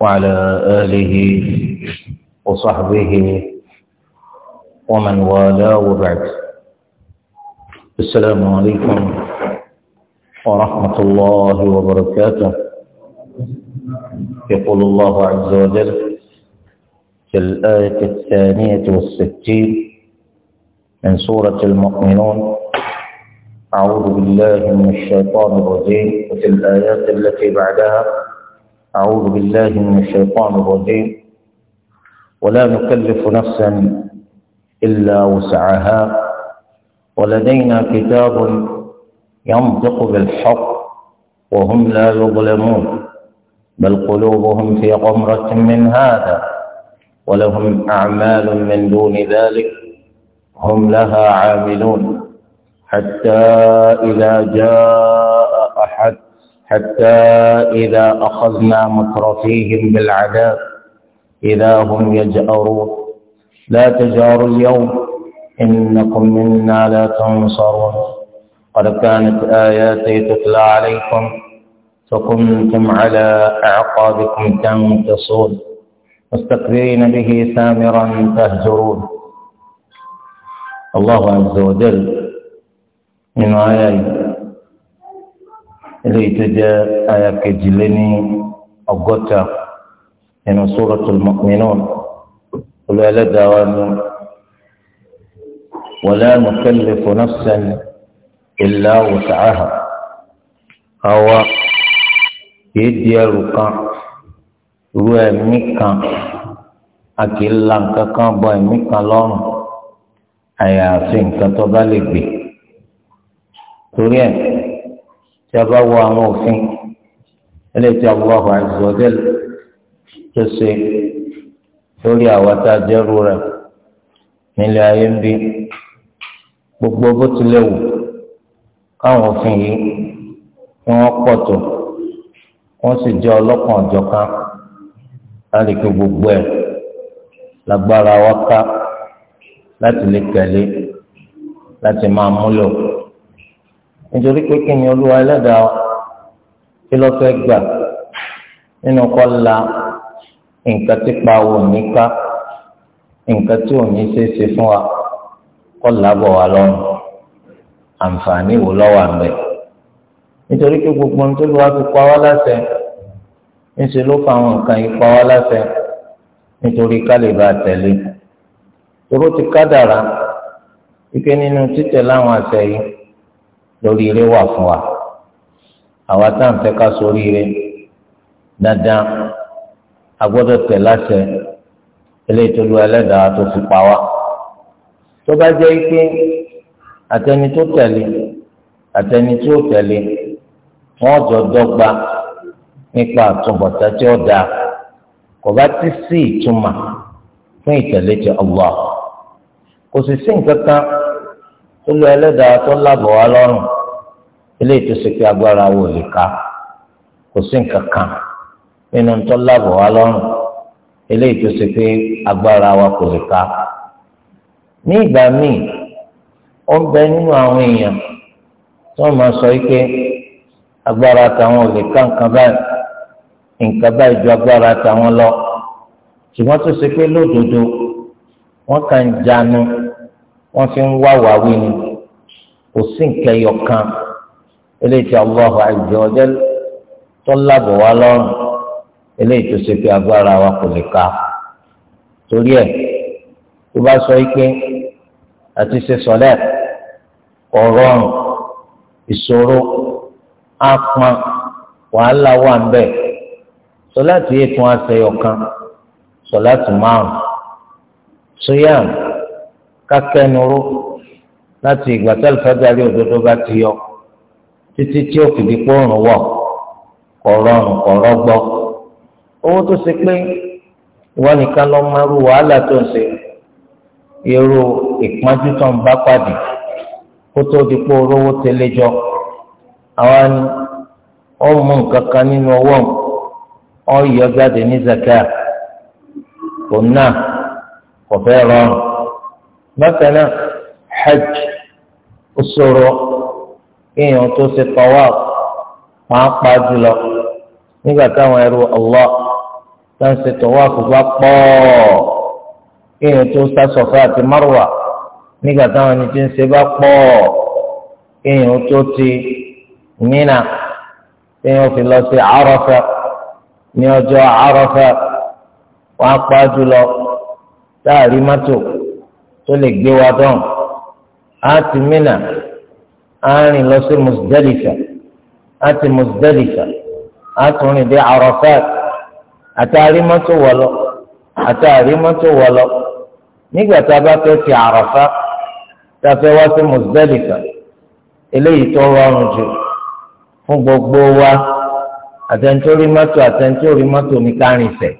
وعلى آله وصحبه ومن والاه وبعد السلام عليكم ورحمة الله وبركاته يقول الله عز وجل في الآية الثانية والستين من سورة المؤمنون أعوذ بالله من الشيطان الرجيم وفي الآيات التي بعدها أعوذ بالله من الشيطان الرجيم ولا نكلف نفسا إلا وسعها ولدينا كتاب ينطق بالحق وهم لا يظلمون بل قلوبهم في غمرة من هذا ولهم أعمال من دون ذلك هم لها عاملون حتى إذا جاء حتى إذا أخذنا مترفيهم بالعذاب إذا هم يجأرون لا تجاروا اليوم إنكم منا لا تنصرون قد كانت آياتي تتلى عليكم فكنتم على أعقابكم تنتصون مستكبرين به سامرا تهجرون الله عز وجل من آياته eléyìí tó jẹ́ àyà kejìléní ọgọ́ta nínú Suratul Mu'minun olú ẹlẹ́dàá wa ni wala nukallifu nafsan illa wus'aha àwa kìí di ẹrù kan ru ẹ̀mí kan a kìí la nǹkan kan bọ ẹ̀mí kan lọ́rùn àyàfi nǹkan tó bá lè gbé torí ẹ̀ tẹ́bá wọ àwọn òfin eléyìí tí Allahu azza wa jal tó ṣe lórí àwa tá a jẹ́rú rẹ̀ nílé ayé ń bí gbogbo bó tilẹ̀ wù káwọn òfin yìí kí wọ́n pọ̀ tó wọ́n sì jẹ́ ọlọ́kan ọ̀jọ̀kan láti kí gbogbo ẹ̀ lágbára wa ká láti lè tẹ̀lé láti máa múlò nítorí pé kí ni olúwa ẹlẹ́dàá kí lọ́ọ́ fẹ́ gbà nínú kọ́ la nǹkan tí pa wò nípa nǹkan tí ò ní ṣe é ṣe fún wa kọ́ làbọ̀ wa lọ́rùn àǹfààní wò lọ́wọ́ àmì nítorí pé gbogbo ohun tó lù wá fi pa wá láṣẹ ńṣe ló fa àwọn nǹkan yìí pa wá láṣẹ nítorí ká lè tòró ti kádàrá wípé nínú títẹ̀ láwọn àṣẹ yìí. oríire wà fún wa àwa tá à ń fẹ́ ká soríire dandan a gbọ́dọ̀ tẹ̀ láṣẹ eléyìí tó lu ẹlẹ́dàá tó fi pa wá tó bá jẹ́ pé àtẹni tó tẹ̀lé àtẹni tí tẹ̀lé wọ́n jọ dọ́gba nípa àtúbọ̀tá tí ó dáa kò bá ti sí ìtumà fún ìtẹ̀lé ti Allah kò sì sí nǹkan eléyìí tó ṣe pé agbára wo lè ka kò sí nǹkan kan nínú tó lábọ̀ wá lọ́rùn eléyìí tó ṣe pé agbára wa kò lè ka ní ìgbà míì ó ń bẹ nínú àwọn èèyàn tí wọ́n máa sọ wípé agbára ka nǹkan báyìí nǹkan báyìí ju agbára tàwọn lọ ṣùgbọ́n tó ṣe pé lódodo wọ́n kàn ń janu wọ́n fi ń wá wàá wí ni kò sí nǹkan ẹyọ eléyìí tí Allah azza wa jal tó lábọ̀ wá lọ́rùn eléyìí tó ṣe pé agbára wa kò lè ka torí ẹ̀ tó bá sọ pé àti ṣe sọ̀lẹ́ ọ̀rọ̀rùn ìṣòro apọn wàhálà wà ń bẹ̀ sọ̀láàtì ètò àṣeyọ̀ kan márùn sọ́yàm kákẹ́nuró láti ìgbà tẹ́lifásitì àrí òdodo bá ti yọ. títí tí ó fìdí pọ́ọ̀rùn wọ̀ kọ̀rọ̀rùn kọ̀rọ̀gbọ́. owó tó ṣe pé ìwọ nìkan lọ máa ru wàhálà tó ń ṣe irú ìpọ́njú tó ń bá pàdé kó tó di pé olówó tẹ́lẹ̀ jọ Àwọn ni ó mú nǹkan kan nínú ọwọ́ ó yọ jáde ní zakat kò náà kò fẹ́ rọrùn bákan náà hajj ó ṣòro. kéèyàn tó ṣe tawaf pàápàá jùlọ nígbà táwọn ẹrú Allah tó ń ṣe tawaf bá pọ̀ kéèyàn tó ṣe Safa àti Marwa nígbà táwọn ẹni tí ń ṣe bá pọ̀ kéèyàn tó ti Mina kéèyàn fi lọ sí Arafa ní ọjọ́ Arafa pàápàá jùlọ táàrí mọ́tò tó lè gbé wa dán á ti Mina àárín lọ sí Muzdalifa àti Muzdalifa àtúnrin dé Arafat àtàrí mọ́tò wọlọ àtàrí mọ́tò wọlọ nígbà tá a bá fẹ́ ti Arafa tá a fẹ́ wá sí Muzdalifa eléyìí tó rọrùn jù fún gbogbo wa àtẹnitórí mọ́tò àtẹnitórí mọ́tò ní kárìn fẹ̀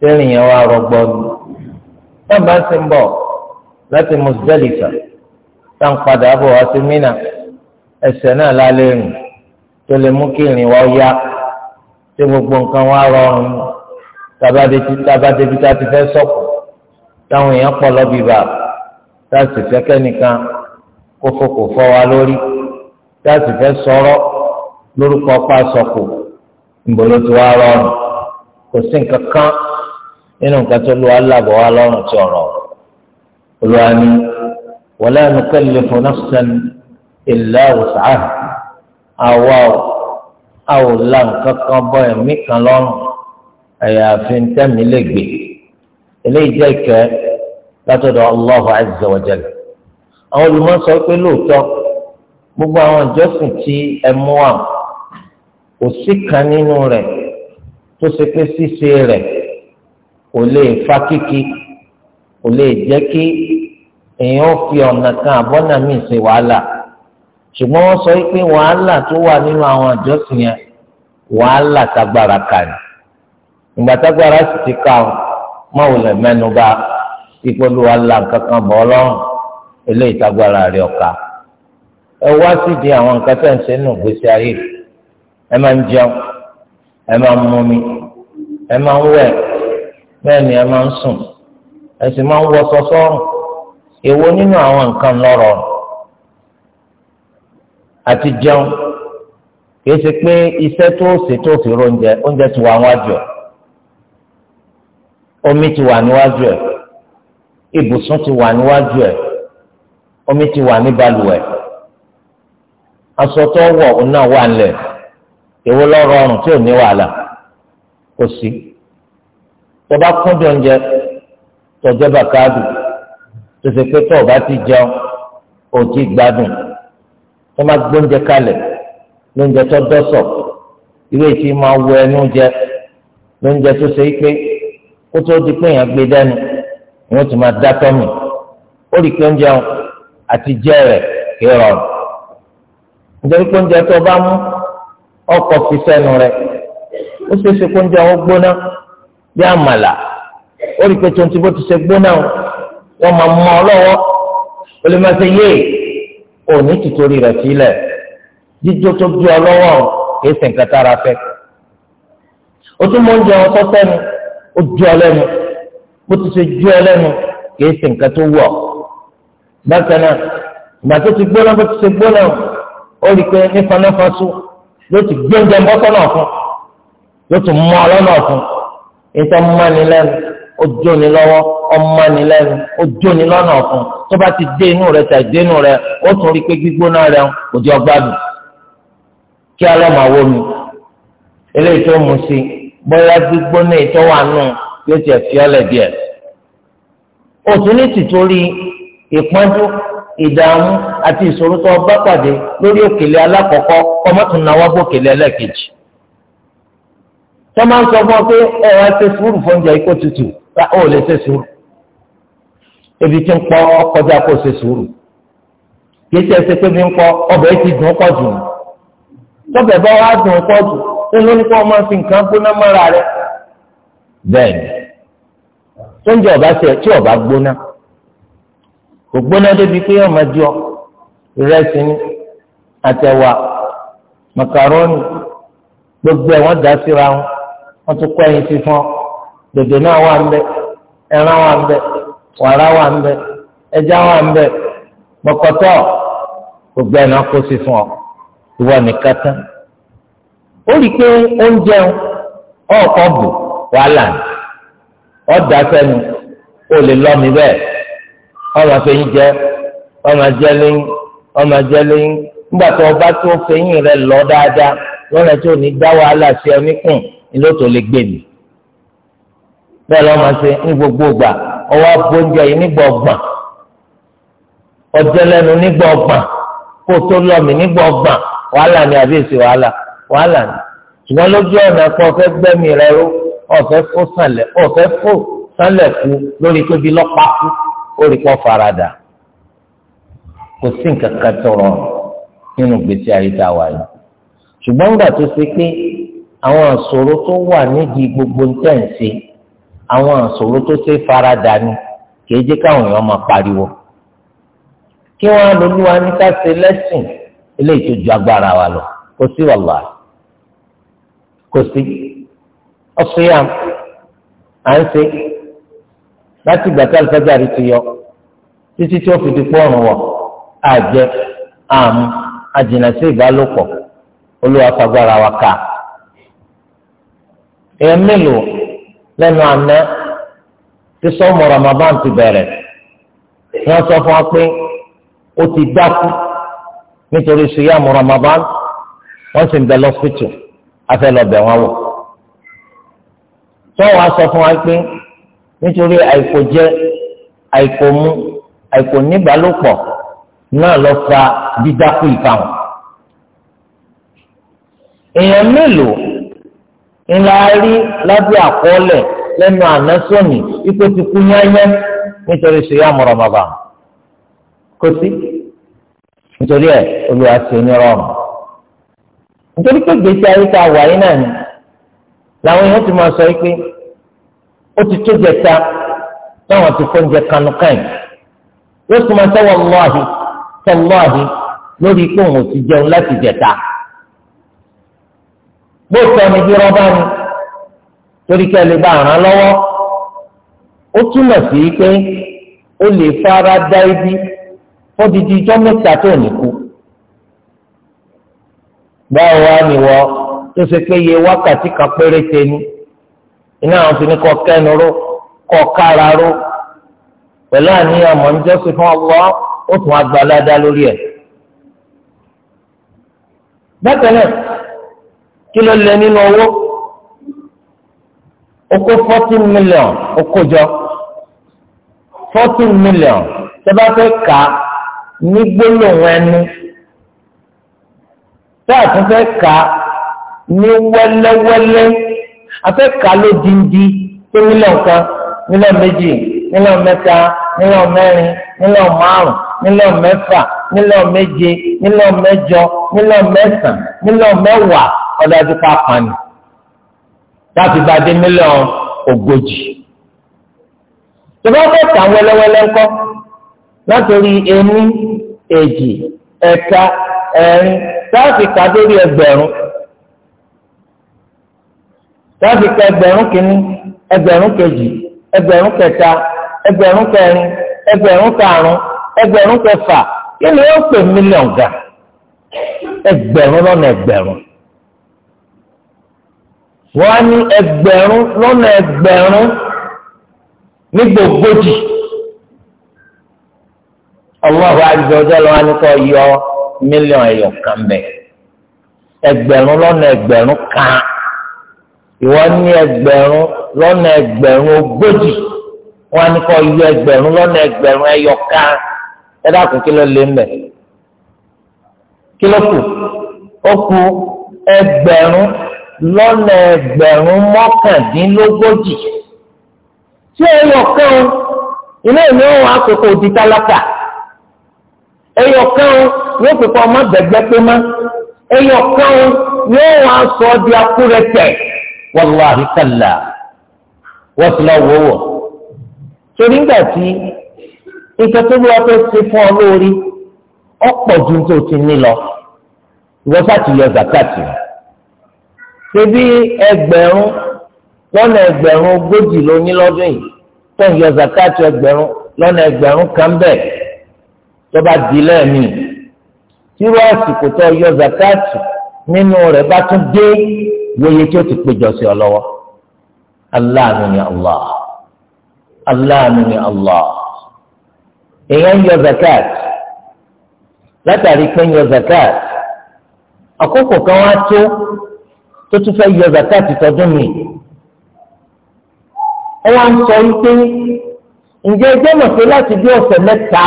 tẹ́rìn yẹn wá rọgbọ́n ní. bá ń sin bọ̀ láti Muzdalifa tá n padà bọ̀ wá sí mínà ẹsẹ̀ náà lálẹ́ rìn tó lè mú kí ìrìn wa yá tí gbogbo nǹkan wa rọrùn tábàdébí tá a ti fẹ́ sọ̀kù táwọn èèyàn pọ̀ lọ́bì bá tá a sì fẹ́ kẹ́nìkan kókó kò fọ́ wa lórí tá a sì fẹ́ sọ̀rọ̀ lórúkọ pa sọ̀kù ìbòló ti wá rọrùn kò sí nǹkan kan nínú nǹkan tó lu aláàbọ̀ wa lọ́rùn tí ọ̀rọ̀ olùwà ni. ولا نكلف نفسا إلا وسعها أو أو لا كقبا مكلون أيا فنت ملك إليه جاك لا تدع الله عز وجل أو لما سوف لوتو gbogbo àwọn ìjọsìn tí ẹ mú wa kò sí kan nínú rẹ̀ tó ṣe pé ṣíṣe rẹ̀ kò lè fa kíkí kò lè jẹ́ kí èèyàn ó fi ọ̀nà kan àbọ́nà míì ṣe wàhálà ṣùgbọ́n wọ́n sọ pé wàhálà tó wà nínú àwọn àjọsìn yẹn wàhálà tagbára kà ní ìgbà tagbára sì ti ká mọ́wùlẹ̀ mẹ́nuba ìpolówó wàhálà kankan bọ́ ọlọ́run eléyìí tagbára rẹ̀ ọ̀ka ẹ wá sídìí àwọn nǹkan tẹ̀ ń ṣe nù gbèsè ayé ẹ máa ń jẹun ẹ máa ń mumi ẹ máa ń wẹ̀ bẹ́ẹ̀ ni ẹ máa ń sùn ẹ sì máa ń wọ sọ́sọ́rùn. èwo nínú àwọn nǹkan lọ́rọ̀ àti jẹun kìí ṣe pé iṣẹ́ tó ṣe tó fi ro oúnjẹ ti wà níwájú ẹ̀ omi ti wà níwájú ẹ̀ ibùsùn ti wà níwájú ẹ̀ omi ti wà ní balùwẹ̀ aṣọ tó wọ̀ òun wà nílẹ̀ èwo lọ́rọ̀ ọ̀rùn tí ò ní wàhálà kò sí tó kúndùn oúnjẹ tó ṣe pé tó o bá ti jẹun o ti gbádùn tó má gbóúnjẹ kalẹ̀ lóúnjẹ tó dọ́sọ̀ ìwé tí máa wọ ẹnu jẹ lóúnjẹ tó ṣe pé kó tó di pé èèyàn gbé dání ìwọ́n ti máa dá tọ́mì ó rí pé oúnjẹ àti jẹ́ rẹ̀ kì í rọrùn nítorí pé oúnjẹ tó bá mú ọkọ̀ fi sẹ́nu rẹ̀ ó ṣeé ṣe kó oúnjẹ wọn gbóná bí àmàlà ó rí pé tó bó ti ṣe gbóná o wọ́n máa mọ́ ọ lọ́wọ́ o lè máa ṣe yé òní tìtorí rẹ̀ sílẹ̀ jíjó tó bí ọ lọ́wọ́ kìí ṣe nǹkan tára fẹ́. o tún mọ oúnjẹ wọn sọ́sẹ́ nu ó ju ọ lẹ́nu bó ti ṣe ju ọ lẹ́nu kìí ṣe nǹkan tó wọ̀. bákan náà ìgbà tó ti gbóná bó ti ṣe gbóná ó rí i pé ní fanáfasú ló ti gbé oúnjẹ bọ́sọ̀ náà fún ló ti mọ́ ọ lọ́nà fún ìtọ́ mọ́ni lẹ́nu ó jóni lọ́wọ́ ọmọ ni lẹ́nu ó jóni lọ́nà ọ̀fun tó bá ti dé inú rẹ tàì dé inú rẹ ó tún rí pé gbígbóná rẹ kò jọ gbádùn kí alọ́mọ wo mi eléyìí tó mu sí bóyá gbígbóná ìtọ́wà nù yóò tiẹ̀ fi ọ́lẹ̀ díẹ̀ òtún ní tìtorí ìpọ́njú ìdààmú àti ìṣòro tó bá pàdé lórí òkèlè alákọ̀ọ́kọ́ ọmọ tún náwó bókèlè ẹlẹ́ẹ̀kejì tó máa ń sọ fún ọ pé ẹ wá ṣe sùúrù fóúnjẹ ikó tutù tá ò lè ṣe sùúrù ebi tí ń pọ ọkọjá kó ṣe sùúrù kì í ṣe ṣe pé mi ń pọ ọbẹ̀ ti dùn pọ̀ jù tọ́bẹ̀ bá wá dùn pọ̀ jù ó ló ní kó máa fi nǹkan gbóná mọ́ra rẹ̀ bẹ́ẹ̀ ni tóúnjẹ ọba ṣe tí ọba gbóná kò gbóná débi pé ọmọ jọ ìrẹsì ni àtẹwà màkàrónì gbogbo ẹ̀ wọ́n dá síra wọn wọ́n tún kọ́ ẹyin fífọ́ dòdò náà wà ń bẹ ẹran wà ń bẹ wàrà wà ń bẹ ẹja wà ń bẹ gbogbo kó sí ọ ìwọ nìkan rí pé oúnjẹ wàhálà ni ó lè ọmọ jẹ ọmọ jẹ lẹ́yìn ọmọ jẹ lẹ́yìn nígbà tó o bá tó rẹ lọ dáadáa lọ́nà ní dá wàhálà sí ọ níkùn nílò tó lè gbé mi bẹ́ẹ̀ lọ́ máa ṣe ní gbogbo ìgbà ọwọ́ abóúnjẹ yìí nígbà ọgbọ̀n ọjọ́lẹ́nu nígbà ọgbọ̀n kó tó lọ́mì nígbà ọgbọ̀n wàhálà ni àbí èsì wàhálà wàhálà ni ṣùgbọ́n lójú ọ̀nà kan ọ̀fẹ́ gbẹ́mí rẹ ró ọ̀fẹ́ fò sànlẹ̀ ọ̀fẹ́ fò sànlẹ̀ kú lórí tóbi lọ́pàá kú ó kọ́ farada kò sí nǹkan kan tọrọ nínú gbèsè àyíká wa yìí ṣùgbọ́n gbà tó ṣe pé àwọn àṣòro tó wà nídìí gbogbo ntẹ̀ǹsì àwọn àṣòro tó ṣe faradà ni kìí jẹ́ káwọn èèyàn máa pariwo kí wọ́n á lolúwa ní ká ṣe lẹ́sìn eléyìí tó ju agbára wa lọ kò sí wàhálà kò sí ọ̀ṣùyà à ń ṣe láti ìgbà tí alifájàrí ti yọ títí tí ó fi di pọ́ọ̀rùn wọ̀ àjẹ àmú àjìnà sí ìbálòpọ̀ olúwa fagbára wa ká a èèyàn mélòó lẹ́nu àná tí sọ́mù Ramadan ti bẹ̀rẹ̀ wọ́n sọ fún wa pé ó ti dákú nítorí sùyàmù Ramadan wọ́n sì ń bẹ lọ́sítù afẹ́lọ́bẹ̀ wọn wò sọ́wọ́n a sọ fún wa pé nítorí àìkò jẹ àìkò mu àìkò níbàálòpọ̀ náà lọ fa dídákú ìfàwọn èèyàn mélòó ńlá rí lábẹ́ àkọọ́lẹ̀ lẹ́nu ànásọ́nì ipò ti kú yányá nítorí sèyàmù rọ̀mọ̀bà kò sí nítorí ẹ̀ olùwà sí ní rọ̀mù nítorí pé gbèsè ayé tá a wà yín náà ni làwọn èèyàn ti máa sọ yìí pé ó ti tó jẹta táwọn ti fọ́ oúnjẹ kanukáyìn yóò tún máa sọ wọ́n lọ́ọ̀hìn sọ lọ́ọ̀hìn lórí pé òun ò ti jẹun láti jẹta. bó sọ ni bí rọ́bà ni torí kẹ́ lè bá ràn lọ́wọ́ ó túmọ̀ sí pé ó lè fara ibi fọ́didi ijọ́ mẹ́ta tó nìkú báwo wá ni wọ́ tó ṣe pé iye wákàtí kan péréte ni iná àwọn fi ní kọ́ ró kọ́ kára ró pẹ̀lú àníyàn mọ̀ ní jọ́sìn fún ọwọ́ ó tún kí ló lẹ nínú owó oko fourteen million oko jọ fourteen million tẹ́bá fẹ́ kà á ní gbólóhùn ẹnu tẹ́bá tún fẹ́ kà á ní wẹ́lẹ́wẹ́lẹ́ afẹ́ kà á ló dindi tó mílíọ̀n kan mílíọ̀n méjì mílíọ̀n mẹ́ta mílíọ̀n mẹ́rin mílíọ̀n márùn mílíọ̀n mẹ́fà mílíọ̀n méje mílíọ̀n mẹ́jọ mílíọ̀n mẹ́sàn mílíọ̀n mẹ́wàá ọdájú pa pàánì láti gba dé mílíọ̀n ogójì. Ìjọba fẹ́ tà wẹ́lẹ́wẹ́lẹ́ ńkọ́ látòrí ení, èjì, ẹ̀ta, ẹ̀rin, láti kà lórí ẹgbẹ̀rún. Láti kà ẹgbẹ̀rún kìíní, ẹgbẹ̀rún kejì, ẹgbẹ̀rún kẹta, ẹgbẹ̀rún kẹrin, ẹgbẹ̀rún karùn-ún, ẹgbẹ̀rún kẹfà, kí ni ó pè mílíọ̀n ga? Ẹgbẹ̀rún lọ́nà ẹgbẹ̀rún wọ́n á ní ẹgbẹ̀rún lọ́nà ẹgbẹ̀rún ní gbogbogbòjì ọlọ́run àjọjọ́ lọ́wọ́ á ní kọ́ yọ mílíọ̀n ẹ̀yọ̀ kan bẹ̀ ẹgbẹ̀rún lọ́nà ẹgbẹ̀rún kan ìwọ ní ẹgbẹ̀rún lọ́nà ẹgbẹ̀rún ogójì wọ́n á ní kọ́ yọ ẹgbẹ̀rún lọ́nà ẹgbẹ̀rún ẹ̀yọ̀ kan ẹ dákun kí ló lé mbẹ kí ló kù ó kù ẹgbẹ̀rún lọ́nà ẹgbẹ̀rún mọ́kàndínlógójì tí ẹyọ kan ilé ìní ọ̀hún àkókò di tálákà ẹyọ kan yóò pípa ọmọ bẹ̀gbẹ́ pé má ẹyọ kan yóò wá sọ ọ́ di akúrẹ́tẹ̀ wàlúwàhí kàlà wọ́n ti lọ wò torí ńgbà tí nǹkan tó lọ́wọ́ fẹ́ ṣe fún ọ lórí ọ̀pọ̀ ju tó ti ní lọ ìwọ́n yọ zakati rẹ̀ ṣebí ẹgbẹ̀rún lọ́nà ẹgbẹ̀rún ogójì ló ní lọ́dún yìí tó ń yọ zakati ẹgbẹ̀rún lọ́nà ẹgbẹ̀rún kan bẹ́ẹ̀ tó bá di lẹ́ẹ̀mí tírú àsìkò tó yọ zakati nínú rẹ̀ bá tún dé lóye tí ó ti péjọ sí ọ lọ́wọ́ aláàánú ni allah aláàánú ni allah èèyàn ń yọ zakati látàrí pé ń yọ zakati àkókò kan wá tó tó tún fẹ́ yọ zakati tọdún mi ẹ wá ń sọ wípé ǹjẹ́ ẹjẹ́ mọ̀ pé láti bí ọ̀sẹ̀ mẹ́ta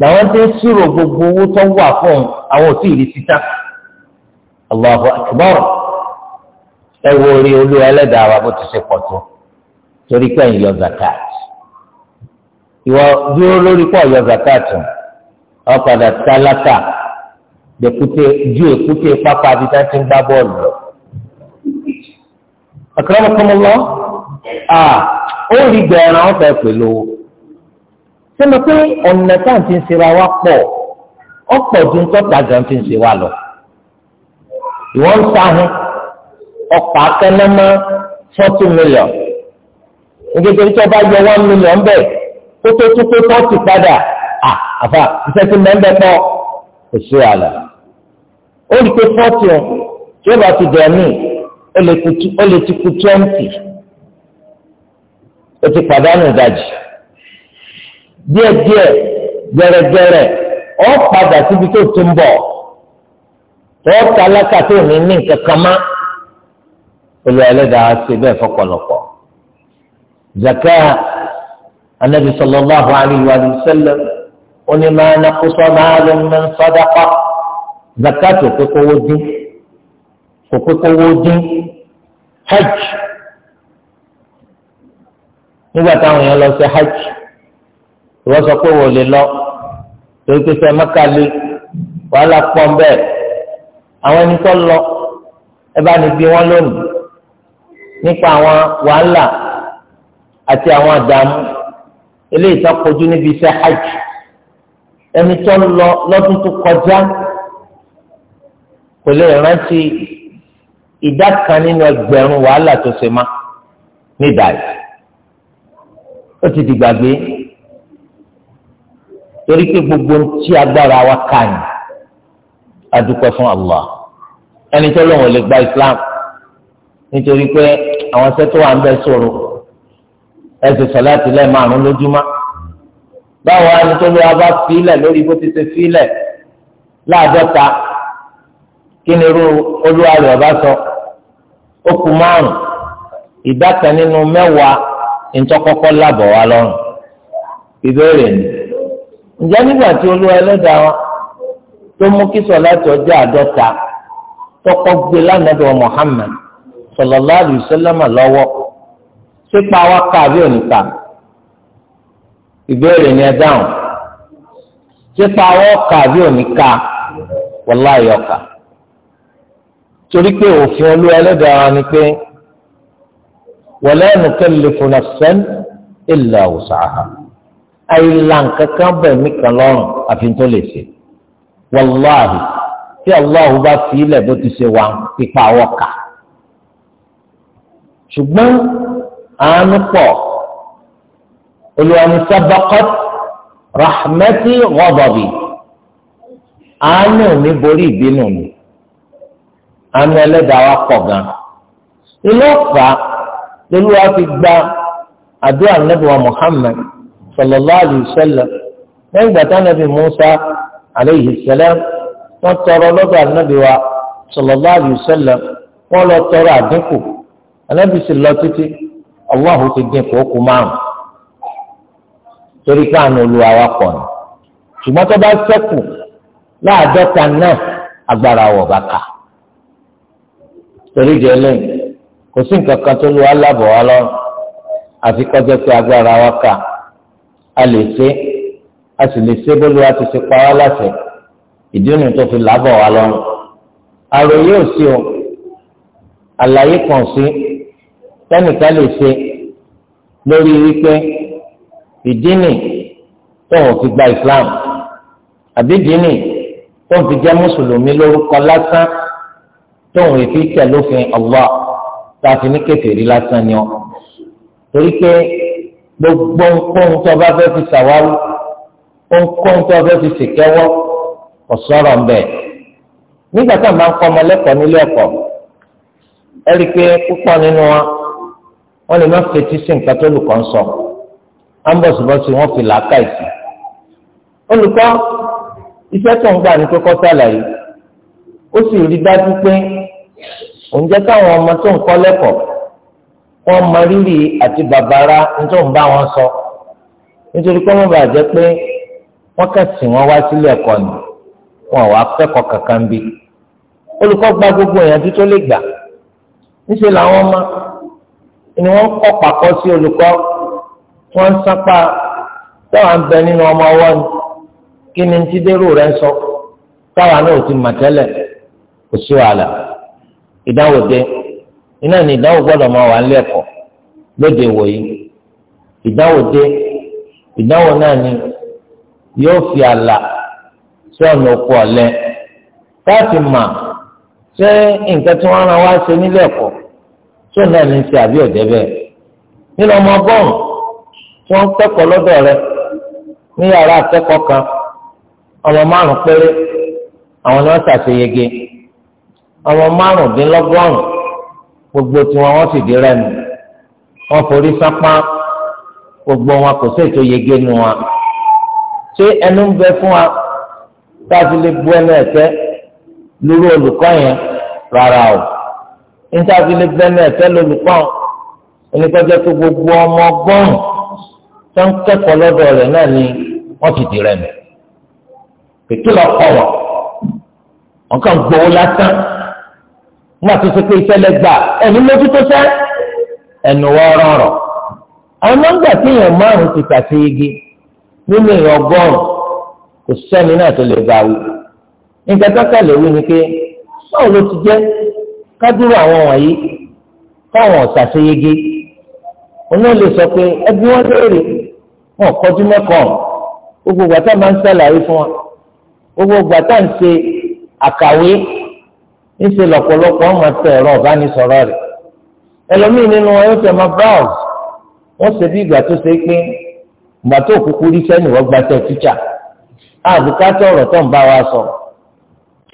làwọn ti ń ṣírò gbogbo owó tó wà fún àwọn òtún ìlú títà Allahu akbar ẹ wo orí olú ẹlẹ́dàá wa bó ti ṣe pọ̀ tó torí pé ń yọ zakat ìwọ dúró lórí pọ̀ yọ zakat ọ̀ padà tálákà dẹkute ju èkúté pápá àti tá a ti ń gbá bọ́ọ̀lù lọ. àkàràmọ̀ kọ́mọ lọ à ó rí gbẹ̀rán ọ̀tọ̀ pẹ̀lú owó. ṣé mo pé ọ̀nà tá à ń ti ń ṣera wa pọ̀ ọ̀pọ̀ ju tọ́ta gan ti ń ṣe wa lọ. ìwọ́n ń sáhùn ọ̀pá akẹ́nẹ́mọ́ forty million. ìgbésẹ̀ tí wọ́n bá yọ one million bẹ́ẹ̀ kó tó tún pé forty padà àfà ìṣẹ́sìn mẹ́ńbẹ́ pọ̀ èso àlà ó rí i pé fọ́ọ̀tì ọ tí ó bá ti dẹ̀ mí ó lè ti ku twenty ó ti pàdánù ìdajì díẹ̀díẹ̀ gẹ́rẹ́gẹ́rẹ́ ọ padà síbi tó ti ń bọ̀ tó ta alákàtà òní ní kankan má olú ẹlẹ́dàá ṣe bẹ́ẹ̀ fọ́pọ̀lọpọ̀ zakat anabi sallallahu alayhi wa sallam oni máa na kóso máa ló ń sọdá pa zakat ò pé kówó dín kò pé kówó dín hajj nígbà táwọn èèyàn lọ sí hajj ìwọ sọ pé wò lè lọ torí pé sẹ mẹkàlí wàhálà pọ̀ ń bẹ́ẹ̀ àwọn ẹni tó lọ ẹ bá ní bí wọn lónìí nípa àwọn wàhálà àti àwọn àdààmú eléyìí tó kojú níbi iṣẹ́ hajj ẹni tó ń lọ lọ́dún tó kọjá kò lè rántí ìdá kan nínú ẹgbẹ̀rún wàhálà tó ṣe má nídàáyé ó ti di gbàgbé torí pé gbogbo tí agbára wa kà ní adúpẹ́ fún Allah ẹni tó lóun ò lè gba Islam nítorí pé àwọn sẹ́tọ́ wa ń bẹ́ sọ̀rọ̀ ẹ ṣe sọ márùn lójúmọ́. báwo á ní tó ló wá bá fílẹ̀ lórí bó ti ṣe fílẹ̀ láàdọ́ta kí ni irú olúwa rẹ̀ bá sọ ó kù márùn ìdá kan nínú mẹ́wàá ìtọ́kọ́kọ́ lábọ̀ wá lọ́rùn ìbéèrè ni ǹjẹ́ nígbà tí olúwa ẹlẹ́dàá tó mú kí ìbéèrè ni ẹ dáhùn sípa àwọn ọkà àbí òníkà wọláì ọkà torí pé òfin olú ẹlẹ́dàá ni pé wala nukallifu nafsan illa wus'aha àìlà nǹkankan bẹ̀ mí kan lọ́rùn àfi tó lè ṣe wọláì tí aláwo bá fi ilẹ̀ bó ti ṣe wà pípa ọkà ṣùgbọ́n àánú pọ̀ olùwàní sábàkọ́t rahmeti ghadabi àánú mi borí ìbínú mi àánú ẹlẹ́dàá wa pọ̀ gan ilé ọ̀fà lóluwà fi gba àdúrà nàbẹ̀wà Muhammad sallallahu alayhi wa sallam lẹ́yìn gbàtà nàbẹ̀ Musa alayhi salam wọ́n tọrọ lọ́dọ̀ ànábìwà sallallahu alayhi wa sallam wọ́n lọ tọrọ àdínkù ànábì sì lọ títí Allahu ti dín kó kú márùn-ún torí káàánú olúwa wa pọ̀ ni ṣùgbọ́n tó bá sẹ́kù láàdọ́ta náà agbára wọ̀ bá kà torí jẹ́ lẹ́yìn kò sí nǹkan kan tó lu alábọ̀ wa lọ́rùn àfi kọjá pé agbára wa kà a lè ṣe a sì lè ṣe bó lu wa ti ṣe pa wá láṣẹ ìdí tó fi làbọ̀ wa lọ́rùn àròyé ò sí o àlàyé kan sí tẹ́nìkan lè ṣe lórí wípé ìdí nì tó ń fi gba islam àbí ìdí nì tó ń fi jẹ́ mùsùlùmí lórúkọ lásán tó ń fi tẹ̀ lófin Allah tá a fi ní kèfèrí lásán ni ọ torí pé gbogbo nǹkan tó bá fẹ́ fi ṣàwárí nǹkan tó fẹ́ fi ṣèkẹ́wọ́ ọ̀sọ́rọ̀ ń bẹ̀. nígbà tá a máa ń kọ́ ọmọ nílé ẹ̀kọ́ ẹ rí i pé púpọ̀ nínú wọn wọ́n lè má fetí sí nǹkan tó lùkọ́ ń sọ ambọ̀sibọ́sì wọ́n fi làákà ìsì. olùkọ́ iṣẹ́ tó ń gbà ní kókó sàlàyé ó sì rí dájú pé òun jẹ́ káwọn ọmọ tó ń kọ́ lẹ́kọ̀ọ́ wọ́n mọ rírì àti bàbára tó ń bá wọn sọ nítorí pé wọ́n bàa jẹ́ pé wọ́n kà sí wọn wá sílé ẹ̀kọ́ ni wọn wá kẹ́kọ̀ọ́ kankan bí olùkọ́ gba gbogbo ìyànjú tó lè gbà níṣẹ́ làwọn ọmọ ni wọ́n kọ́ pàkọ́ sí olùkọ́. wọ́n ń sápá táwa ń bẹ nínú ọmọ ọwọ́ ni kí ni ti dérò rẹ̀ ń sọ táwa náà ti mà tẹ́lẹ̀ kò sí wàhálà ìdáwò dé iná ní ìdáwò gbọ́dọ̀ máa wà nílé ẹ̀kọ́ lóde ìwòyí ìdáwò dé ìdáwò náà ni yóò fi àlà sí ọ̀nà òkú ọ̀lẹ́ láti mà ṣé nǹkan tí wọ́n rán wá ṣe nílé ẹ̀kọ́ tó náà ní ṣe àbí ọ̀dẹ́ bẹ́ẹ̀ nínú ọmọ bọ́ọ̀n tí wọ́n kẹ́kọ̀ọ́ lọ́dọ̀ rẹ ní yàrá akẹ́kọ̀ọ́ kan ọmọ márùn péré àwọn ni wọ́n ṣàṣeyege ọmọ márùndínlọ́gọ́rùn gbogbo tiwọn wọ́n sì di rẹmi wọ́n forí sápá gbogbo wọn kò sí ètò yege nu wa ṣé ẹnu ń bẹ fún wa tá a fi lè bu ẹnu ẹ̀tẹ́ lórí olùkọ́ yẹn rárá o níta fi bu ẹnu ẹ̀tẹ́ lórúkọ oníkọjọ tó gbogbo ọmọ ọgọ́rùn tó ń kẹ́kọ̀ọ́ lọ́dọ̀ rẹ̀ náà ni wọ́n ti dì rẹ̀ mẹ́. Kìkì lọ kọ̀ wọ̀, wọ́n kàn gbowó lásán. Wọ́n àti sọ pé iṣẹ́ lẹ gbà ẹni mójútó sẹ́, ẹnu wọ́n rọrọ̀. Àwọn nọ́ńgbà tí èèyàn márùn-ún ti tà sí igi nínú èèyàn ọgọ́rùn-ún kò sẹ́ni náà tó lè gbà Nǹkan tó lè wí ni pé báwo ló ti jẹ́ ká àwọn wọ̀nyí káwọn ọ̀sà ṣe yege. Oní lè sọ pé ẹbí wọn léèrè wọn kọjú mẹ́kọ̀ọ́ gbogbo gbàtà máa ń ṣàlàyé fún wa gbogbo gbàtà ń ṣe àkàwé ń ṣe lọ́pọ̀lọpọ̀ wọn máa tẹ ẹ̀rọ ọ̀bánisọ̀rọ̀ rẹ̀ ẹlòmíì nínú wọn yóò tẹ máa browse wọn ṣe bí ìgbà tó ṣe pé ìgbà tó kúkú rí sẹ́ni wọ́n gbàtẹ́ tíjà àbùkátà ọ̀rọ̀ tó ń bá wa sọ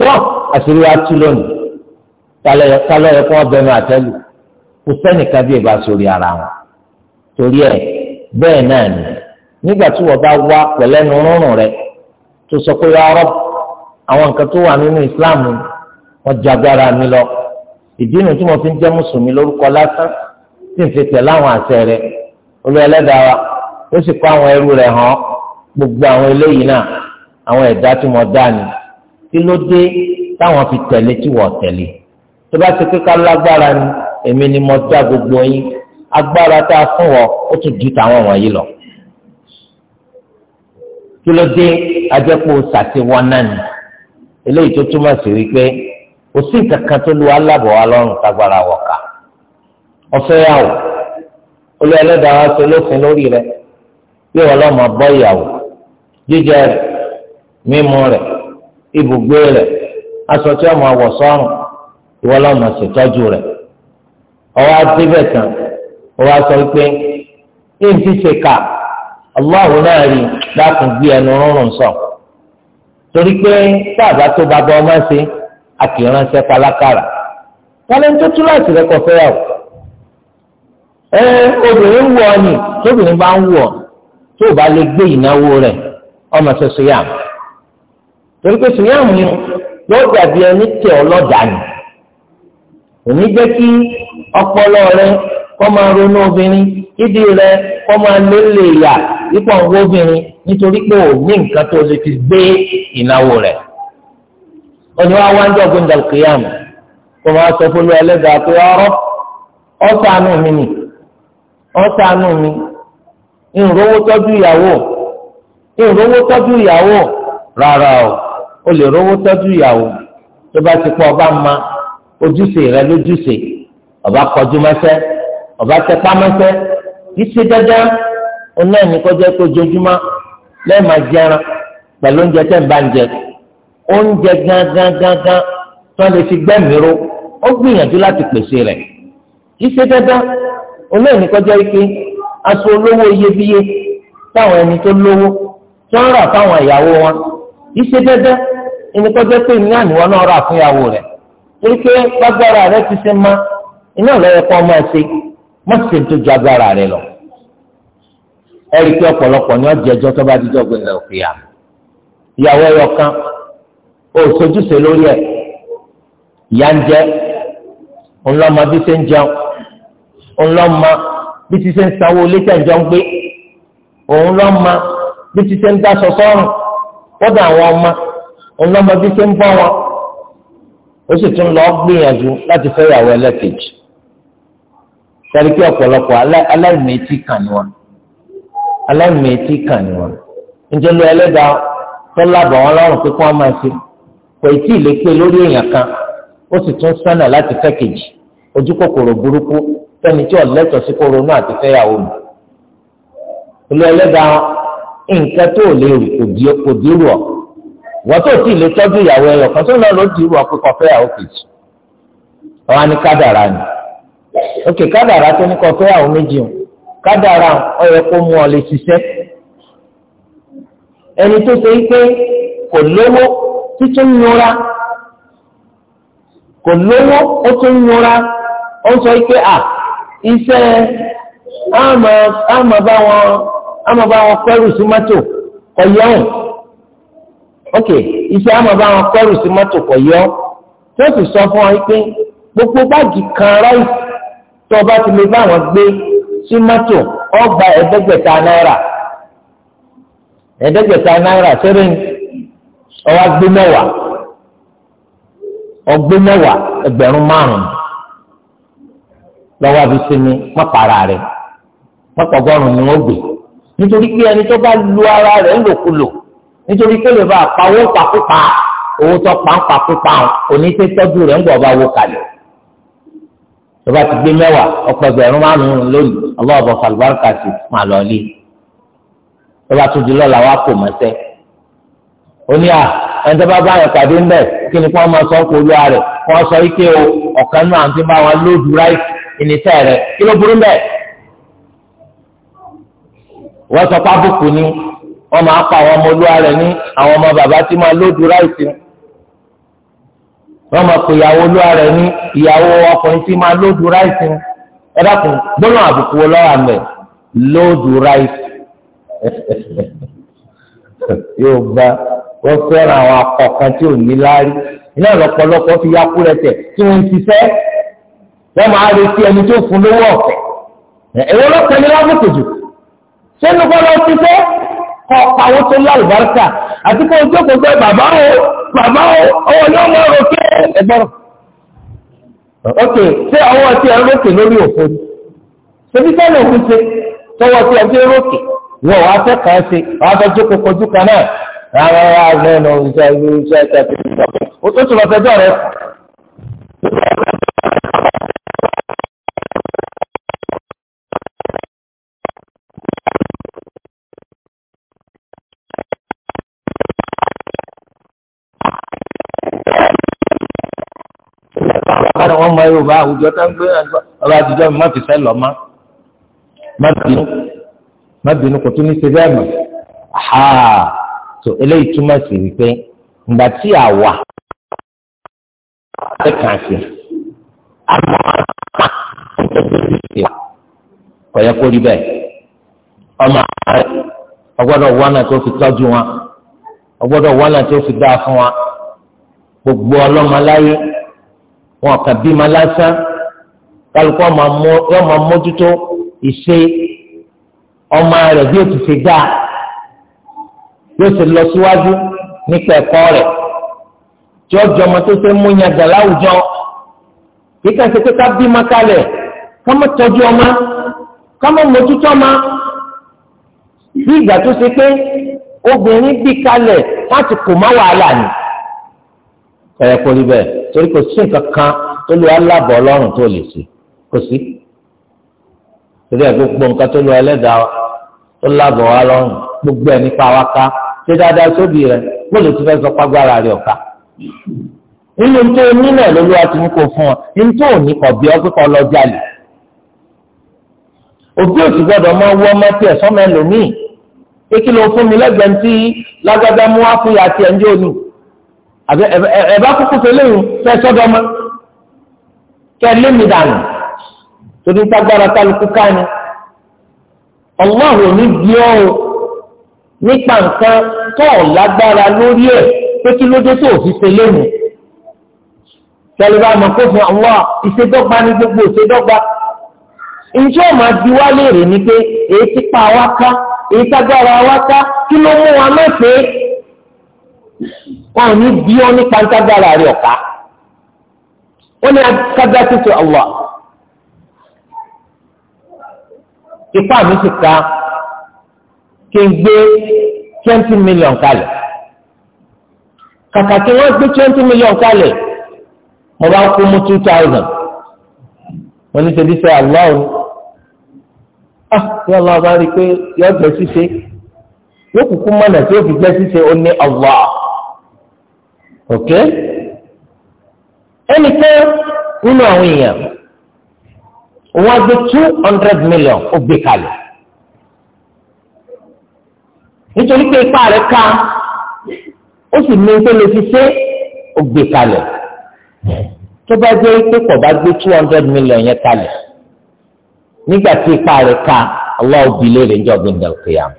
tó àṣírí wa tú lónìí kálọ̀ yẹ kó ọbẹ̀ náà àtẹ́lù kò sẹ́nìkan bí ìbá sórí ara wọn torí ẹ̀ bẹ́ẹ̀ náà ni nígbà tí wọ́n bá wá pẹ̀lẹ́nu rúnrún rẹ tó sọ pé ya Rabb àwọn nǹkan tó wà nínú Islam wọn jagbára mi lọ ìdí nu tí mo fi ń jẹ́ mùsùlùmí lórúkọ lásán tí n fi tẹ̀ láwọn àṣẹ rẹ olú ẹlẹ́dàá wa ó sì kó àwọn ẹrú rẹ hàn gbogbo àwọn eléyìí náà àwọn ẹ̀dá tí mo dá ni kí ló dé táwọn fi tẹ̀lé tí wọ́n tẹ̀lé tó bá ti pé lágbára ni èmi ni mo dá gbogbo yín agbára tá a fún wọ ó tún ju tàwọn wọ̀nyí lọ kí ló dé ajẹ́pọ̀ sàtiwọ́n náà ni eléyìí tó túmọ̀ sí wípé kò sí nǹkan kan tó lu alábọ̀ wa lọ́rùn tágbára wọ̀ ká ọ̀fẹ́ yà wò olú ẹlẹ́dàá wa ṣe lófin lórí rẹ bí wọn lọ́mọ bọ́ ìyàwó jíjẹ rẹ mímu rẹ ibùgbé rẹ aṣọ tí wọn wọ̀ sọ́rùn ìwọ lọ́mọ ṣètọ́jú rẹ ọwọ́ adébẹ̀ tán ọwọ́ aṣọ wípé kí ti ṣe ká. Allahu náà rí dákun gbé ẹnu rúnrún sọ torí pé sáàbà tó bá bọ́ ọmọ ṣe a tó tún láti ẹ obìnrin wù ọ ni tóbìnrin bá ń wù ọ tó bá lè gbé ìnáwó ọmọ ṣe sùyàmù torí pé ni yóò dàbí ẹni tẹ ni jẹ́ kí kọ́ máa ronú obìnrin ìdí rẹ kọ́ máa lé lè yà ipò àwọn obìnrin nítorí pé ò ní nǹkan tó lè fi gbé ìnáwó rẹ̀. òní wá wáńjọ gbẹ̀ngàn kìyàmù kó máa sọ fún lóyún ẹlẹ́gàá pé ọ̀rọ̀ ọ̀sánú mi o o lè rówó tọ́jú ìyàwó tó bá ti pọ̀ ọba ma ojúṣe ọba kọjú ọba tẹ pamọ́sẹ́ ìṣe dáadáa ọ̀nà ẹ̀mí kọjá pé ojoojúmọ́ lẹ́ẹ̀ma jẹran pẹ̀lú oúnjẹ tẹ̀ ń bá ń jẹ oúnjẹ gángan gángan tó lè fi gbẹ́mìíró ó gbìyànjú láti pèsè rẹ̀ ìṣe dáadáa ọ̀nà ẹ̀mí kọjá pé aṣọ olówó iyebíye táwọn ẹni tó lówó tó ń rà fáwọn ìyàwó wọn ìṣe dáadáa ẹni kọjá pé ní àníwọ́ náà rà fún ìyàwó rẹ̀ torí pé gbàgbára rẹ̀ ti ṣe máa iná ọ̀lẹ́yẹ kan máa ṣe mọ́tò tó ju agbára rẹ lọ ẹ̀rí pé ọ̀pọ̀lọpọ̀ ni ọ̀jẹ̀ ẹjọ́ tó bá dídọ́ gbẹ̀lẹ̀ òkè yà ìyàwó ẹyọ kan ó sojúṣe lórí ẹ̀ ìyá ń jẹ́ ńlọ́mọ bí ṣe ń jẹun ńlọ́mọ bí ti ṣe ń sanwó létẹ̀ ńjọ́ ń gbé òun lọ́mọ bí ti ṣe ń dáṣọ sọ́rùn kódà àwọn ọmọ òun bí ṣe ń bọ́ wọn ó sì tún lọ́ọ́ gbìyànjú láti fẹ́ ìyàwó ẹlẹ́kejì tari kí ọ̀pọ̀lọpọ̀ aláìmẹ̀tì kàn ní wọn aláìmẹ̀tì kàn ní wọn nítorí ẹlẹ́dàá tọ́lá wọn lọ́rùn pé lori wọ́n máa ṣe kò tí ì lè pé lórí èèyàn kan ó sì tún sánà láti fẹ́ kejì ojú kòkòrò burúkú fẹ́ni tí ọ̀lẹ́tọ̀ sí kó ronú àti mi nǹkan tó lè rí kò rú ọ wọ́n tó tí ì lè òkè kádàrá tó ní kọ fẹ́ àwọn méjì o kádàrá ó yẹ kó mú ọ lè ṣiṣẹ́ ẹni tó ṣe pé kò lówó títí ń nura kò lówó ó tún ń nura ó sọ pé à iṣẹ́ àmọ́ bá wọn kọ yẹ ọ́n ok iṣẹ́ àmọ́ bá wọn kọ yẹ ọ́n tó sì sọ fún ọ pé gbogbo báàgì kan ráìsì. tó o bá ti lè bá wọn gbé sí ọgbà ẹ̀ẹ́dẹ́gbẹ̀ta náírà ẹ̀ẹ́dẹ́gbẹ̀ta náírà sẹ́rìn ọwọ́ gbé mẹ́wàá ọgbé mẹ́wàá ẹgbẹ̀rún márùn-ún lọ́wọ́ àbí sinmi mọ́pàrà rẹ̀ mọ́pọ̀gọ́rùn-ún ni wọ́n gbé nítorí pé ẹni tó bá lu ara rẹ̀ ńlòkulò nítorí pé lè bá pawó pàkópa owó tó tó bá ti gbé mẹ́wàá ọ̀pọ̀ ẹgbẹ̀rún márùn-ún lónìí ọlọ́ọ̀bọ̀ falùbáríkà sí fún àlọ́ọ̀lì tó bá tún di lọ́la wá kò mọ́sẹ́. ó ní à ẹni tó bá bá yẹn pàdé ńbẹ kí ni kí wọ́n máa sọ ń polú ààrẹ kí wọ́n sọ ike o ọ̀kan náà àti bá wọn lóòdù ráìtì ìníṣẹ́ rẹ kí ló burú bẹ́ẹ̀. wọ́n sọ pábùkù ni wọ́n máa pa àwọn ọmọ olúwa rẹ̀ ní àwọn ọmọ bàbá tí máa lóòdù ráìtì ni wọ́n máa pè ìyàwó olúwa rẹ̀ ní ìyàwó ọkùnrin tí máa lóòdù ráìsì ẹ dákun gbọ́dọ̀ àbùkù wo lọ́wọ́ àmẹ́ lóòdù ráìsì yóò gba wọ́n fẹ́ràn àwọn akọ̀kan tí ò ní láárí iná lọ́pọ̀lọpọ̀ fi yakú rẹ̀ tẹ̀ tí wọ́n ti fẹ́ wọ́n máa retí ẹni tó fún lówó ọ̀fẹ́ ẹ̀wọ́n lọ́pẹ́ ní lábùkù jù sínú kọ́ lọ́ọ́ ti fẹ́ kọ́ pawó tó lálùbáríkà àti kó o jókòó pé bàbá o bàbá o ọwọ́ ni ọmọ òkè ẹgbọ́rọ̀. ok ṣé ọwọ́ ti ẹ rókè lórí òfò ni ṣebí sẹ́ni òkú ṣe tọwọ́ ti ẹ dé rókè wọ́n wàá fẹ́ kàn ṣe wàá fẹ́ jókòó kojú kan náà rárá rárá mẹ́nu iṣẹ́ iṣẹ́ iṣẹ́ iṣẹ́ iṣẹ́ o tó tún lọ fẹjọ́ rẹ. àwọn Yorùbá àwùjọ tó ń gbé ọba àtijọ́ mi má fi sẹ́ lọ mọ́ má bínú má bínú kò tún ní ṣe bẹ́ẹ̀ mọ́ aha tó eléyìí túmọ̀ sí wípé ìgbà tí a wà ẹ kàn sí àmọ́ kò yẹ kó rí bẹ́ẹ̀ ọmọ àárẹ̀ ọgbọ́dọ̀ wọnà tó fi tọ́jú wọn ọgbọ́dọ̀ wọnà tó fi dáa fún wọn gbogbo ọlọ́mọ láyé wọn kàn bímọ lásán kálukú yọ máa mójútó ìṣe ọmọ rẹ̀ bí o ti ṣe dáa yóò ṣe lọ síwájú nípa ẹ̀kọ́ rẹ̀ tí ó jọmọ tó ṣe mú yàgà láwùjọ kíkà ṣe pé ká bímọ kalẹ̀ ká má tọ́jú ọmọ ká má mójútó ọmọ bí ìgbà tó ṣe pé obìnrin bí kalẹ̀ láti kò má wàhálà ni ẹ̀yẹ kò rí bẹ́ẹ̀ torí kò sí nǹkan kan tó lu alábọ̀ ọlọ́run tó lè ṣe kò sí. torí ẹ̀ gbogbo nǹkan tó lu ẹlẹ́dàá tó lábọ̀ wá lọ́rùn gbogbo ẹ̀ nípa wa ká ṣé dáadáa sóbì rẹ̀ bóòlù ti fẹ́ sọ pàgbára rẹ̀ ọ̀ka. nínú tó nílẹ̀ lólu àti mú kó fún ọ nínú tó ní kọ̀ bí ọ pé kọ́ lọ jalè. òbí òsì gbọ́dọ̀ máa wú ọmọ tí ẹ̀ sọ́mọ ẹlòmíì pé kí ló fún mi lẹ́gbẹ̀ẹ́ tí lágbádá mú wá fún ìyá tí ẹ̀ ń jóni àbẹ ẹ̀bá kúkú fẹlẹ́ yìí fẹ́ sọ́dọ̀ mọ́ kẹ́ lé mi dànù torí tágbára kálukú ká ni ọlọ́run ní bí ọ́ o nípa nǹkan tó lágbára lórí ẹ̀ pé kí ló dé tó fi fẹlẹ́ mi tẹlifà mọ̀ kó fún àwọn ìṣèdọ́gba ní gbogbo ìṣèdọ́gba ǹjẹ́ ọ̀ma di wá léèrè ni pé èyí ti pa wá ká èyí tágbára wá ká kí ló mú wa mẹ́fẹ̀ẹ́ wọn ò ní bí ọ nípa ntágbára rẹ ọ̀ka wọn ní akágbá títí Allah ipá mi ti ka kí n gbé twenty million kalẹ̀ kàkà kí wọ́n gbé twenty million kalẹ̀ mo bá kú mú two thousand wọ́n ní ṣebí sẹ́ Allah o ah yọ bá rí i pé yọ gbẹ ṣíṣe yóò kúkú mọ̀nà tí yóò fi gbẹ ṣíṣe ó ní Allah ok ẹnìkan nínú àwọn èèyàn wọ́n gbé two hundred million ó gbé kalẹ̀ nítorí pé ipá rẹ̀ ká ó sì ní pé lè fi ṣe ó gbé kalẹ̀ tó bá gbé pé kò bá gbé two hundred million yẹn kalẹ̀ nígbà tí ipá rẹ̀ ká ọlọ́wọ́ bí léèrè ń jọ gbẹ̀ndà òkè yàrá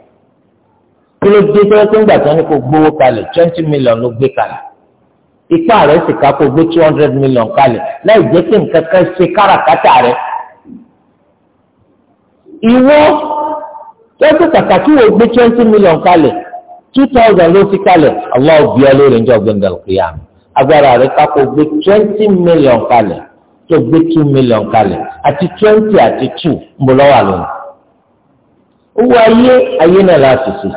kí ló dé tó ń gbà tó ń kó gbówó kalẹ̀ twenty million ló gbé kalẹ̀ ipá rẹ̀ sì ká kó gbé two hundred million kalẹ̀ láì jẹ́ kí nǹkan kan ṣe káràkátà rẹ̀. ìwọ tọ́sí kàkà kí wọ́n gbé twenty million kalẹ̀ two thousand ló fi kalẹ̀ Allah bí ọ lórí ìjọ gbẹngàn kìíyà agbára rẹ̀ ká kó gbé twenty million kalẹ̀ tó gbé two million kalẹ̀ àti twenty àti two ń bọ̀ lọ́wọ́ àlọ́ owó ayé ayé náà láti ṣe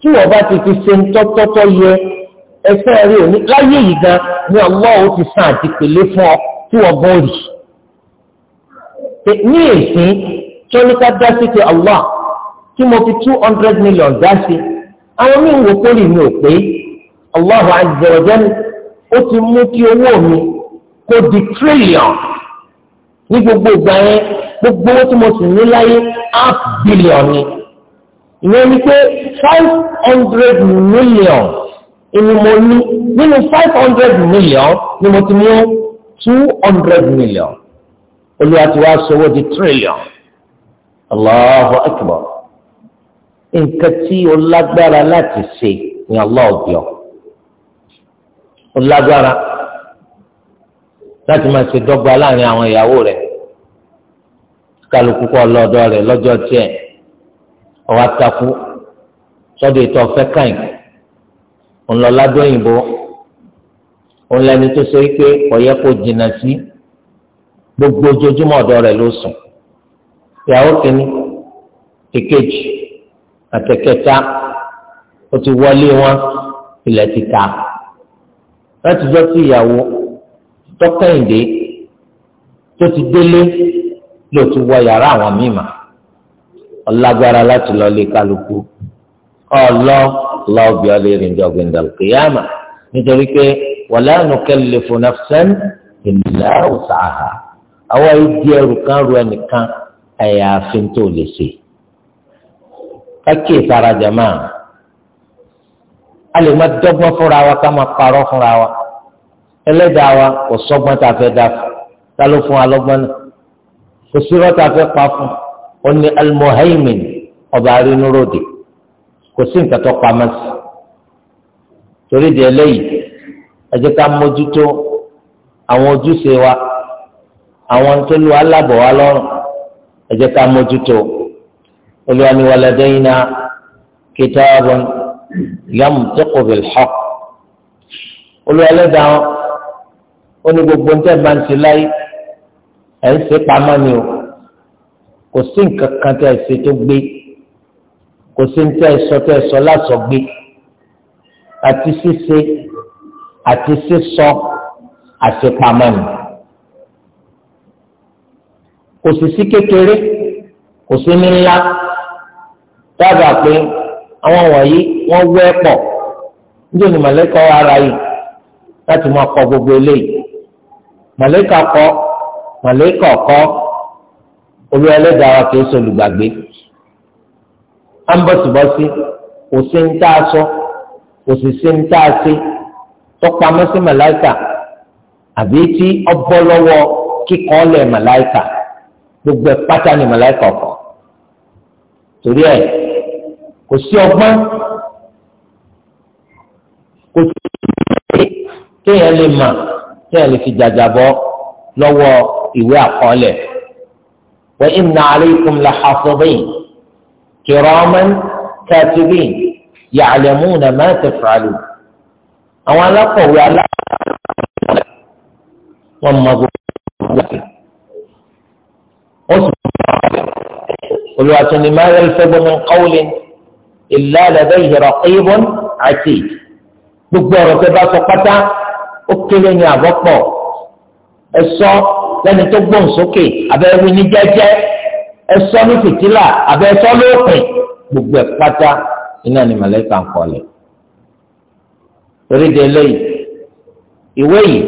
tí wọ́n bá ti fi ṣe ń tọ́tọ́tọ́ yẹ ẹsẹ̀ rẹ ò ní láyé yìí gan ni ọlọ́run ti sàn àti pèlè fún ọ tí wọ́n bọ́ rì. ní èsì tí dá sí ti Allah tí mo fi two hundred million dá sí àwọn míì ń wò pé mi ò pé Allahu azza wa jalla ó ti mú kí owó mi kó di trillion ní gbogbo ìgbà yẹn gbogbo owó tí mo sì ní láyé half billion ni ìyẹn ni pé five hundred million ìní mo ní nínú five hundred million ni mo ti mú two hundred million olúwa ti wá sọ wọ́n di trillion Allahu Akbar nǹkan tí o lágbára láti ṣe ni Allah ọ̀bíọ̀ o lágbára láti máa ṣe dọ́gba láàrin àwọn ìyàwó rẹ̀ kálukú kọ́ lọ́dọ̀ rẹ̀ lọ́jọ́ tiẹ̀ ọ̀wá takú sọ́dọ̀ ètò ọ̀fẹ́ káyìn ńlọládó òyìnbó ńlẹni tó ṣe pé ọ̀yẹ́ kò jìnnà sí gbogbo ojoojúmọ́ ọ̀dọ̀ rẹ̀ ló sùn ìyàwó kìíní èkejì àtẹ̀kẹta ó ti wọlé wọn ilẹ̀ ti ta láti jọ́ sí ìyàwó tọ́kẹ́yìndé tó ti délé ló ti wọ yàrá àwọn míì mà láti lọ lé kálukú ọlọ lọọbì ọlẹrìn jọgbìn dàlùkìyàmà nítorí pé wala nukallifu nafsan illa wus'aha àwọn ìdí ẹrù kan ru ẹnìkan àyàfi tó lè ṣe kákìí sára jama a lè má dọ́gbọ́n fúnra wa ká má parọ́ fúnra wa ẹlẹ́dàá wa kò sọ́gbọ́n tá a fẹ́ dá fún ta ló fún alọ́gbọ́n náà kò sí rọ́ta fẹ́ pa fún ọ ní almuhaimin ọba arínúròdì kò sí nǹkan tó pamọ́ sí torí di eléyìí ẹ jẹ́ ká mójútó àwọn ojúṣe wa àwọn tó lu alábọ̀ wa lọ́rùn ẹ jẹ́ ká mójútó olúwa ni waladayna kitabun yamtiqu bil haqq olúwa lẹ́dàá ó ní gbogbo ń tẹ́ bá ń ṣe láyé ẹ̀ ń ṣe pamọ́ ni o kò sí nǹkan kan tẹ́ ẹ ṣe tó gbé kò sí ní tẹ́sọ tẹ́sọ lásọgbé àti ṣíṣe àti sísọ àṣepamọ́nì kò sì sí kékeré kò sí ní ńlá dábàá pé àwọn wọ̀nyí wọ́n wẹ́ pọ̀ níjẹ́ ni màlẹ́kọ̀ ara yìí láti máa kọ gbogbo eléyìí màlẹ́kọ̀ kọ́ màlẹ́kọ̀ kọ́ olú ẹlẹ́dàá wa kìí ṣe olùgbàgbé à ń bọ̀tùbọ̀sí kò sí ń tá a sọ kò sì sí ń tá a ṣe tọpamọ́ sí màláìkà àbí tí ọbọ lọ́wọ́ kíkọ́ lẹ̀ màláìkà gbogbo ẹ̀ pátá ni màláìkà ọ̀kọ́ torí ẹ̀ kò sí ọgbọ́n kò sí kéèyàn lè mà kéèyàn lè fi jàjàbọ́ lọ́wọ́ ìwé àkọọ́lẹ̀ wa inna alaykum la hafidhin. كراما كاتبين يعلمون ما تفعلون أو أن لا على قل ما يلفظ من قول إلا لديه رقيب عتيد بكبر كبا سقطا أكلني أبقى الصوت لن تبون سكي أبقى من جاجة ẹsọ ní fìtílà àbẹ ẹsọ lópin gbogbo ẹ pátá iná ni màlẹ́kà ń kọlẹ̀ torí de eléyìí ìwé yìí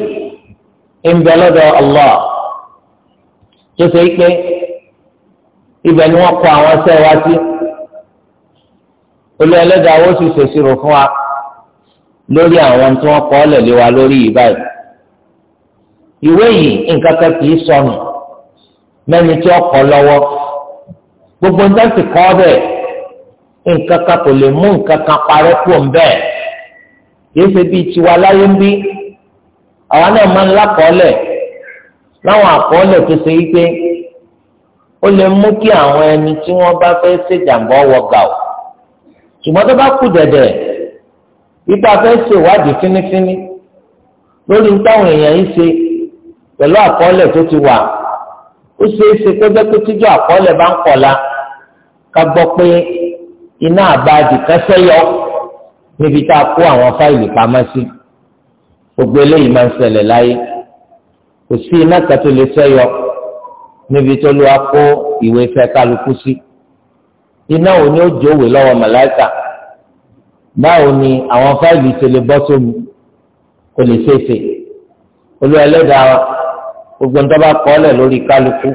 ń bẹ lọ́dọ̀ Allah tó ṣe pé ibẹ̀ ni wọ́n kọ àwọn ṣẹ́ wá sí olú ẹlẹ́dàá ó sì ṣèṣirò fún wa lórí àwọn tí wọ́n kọ ọ́ lẹ̀lé wa lórí yìí báyìí ìwé yìí nǹkan kan kì í sọnù mẹ́ni tí ó kọ lọ́wọ́ gbogbo ń dánsì kọ́ bẹ́ẹ̀ nǹkan kan kò lè mú nǹkan kan parẹ́ kú òun bẹ́ẹ̀ yìí ṣe bíi tiwa láyé ń bí àwa náà máa ń lákọọ́lẹ̀ láwọn àkọọ́lẹ̀ tó ṣe wípé ó lè mú kí àwọn ẹni tí wọ́n bá fẹ́ ṣèjàmbá wọ gà ó ṣùgbọ́n tó bá kù dẹ̀dẹ̀ ipa fẹ́ ṣèwádìí fínífíní lórí táwọn èèyàn yìí ṣe pẹ̀lú àkọọ́lẹ̀ tó ti wà ó ṣeé ṣe pé bẹ́ẹ̀ tó tíjọ́ àkọọ́lẹ̀ bá ń kọ̀ la ká gbọ́ pé iná àbáàdì kan sẹ́yọ níbi tá a kó àwọn fáìlì pamọ́ sí gbogbo eléyìí máa ń ṣẹlẹ̀ láyé kò sí iná kan tó lè sẹ́yọ níbi tó lọ́wọ́ kó ìwé fẹ́ kálukú sí iná òní ó jòwé lọ́wọ́ màláìkà báwo ni àwọn fáìlì ṣe lè bọ́ sómi kò lè ṣeéṣe olú ẹlẹ́dàá gbogbo ń tọ́ bá kọ́ ọ́ lẹ̀ lórí kálukú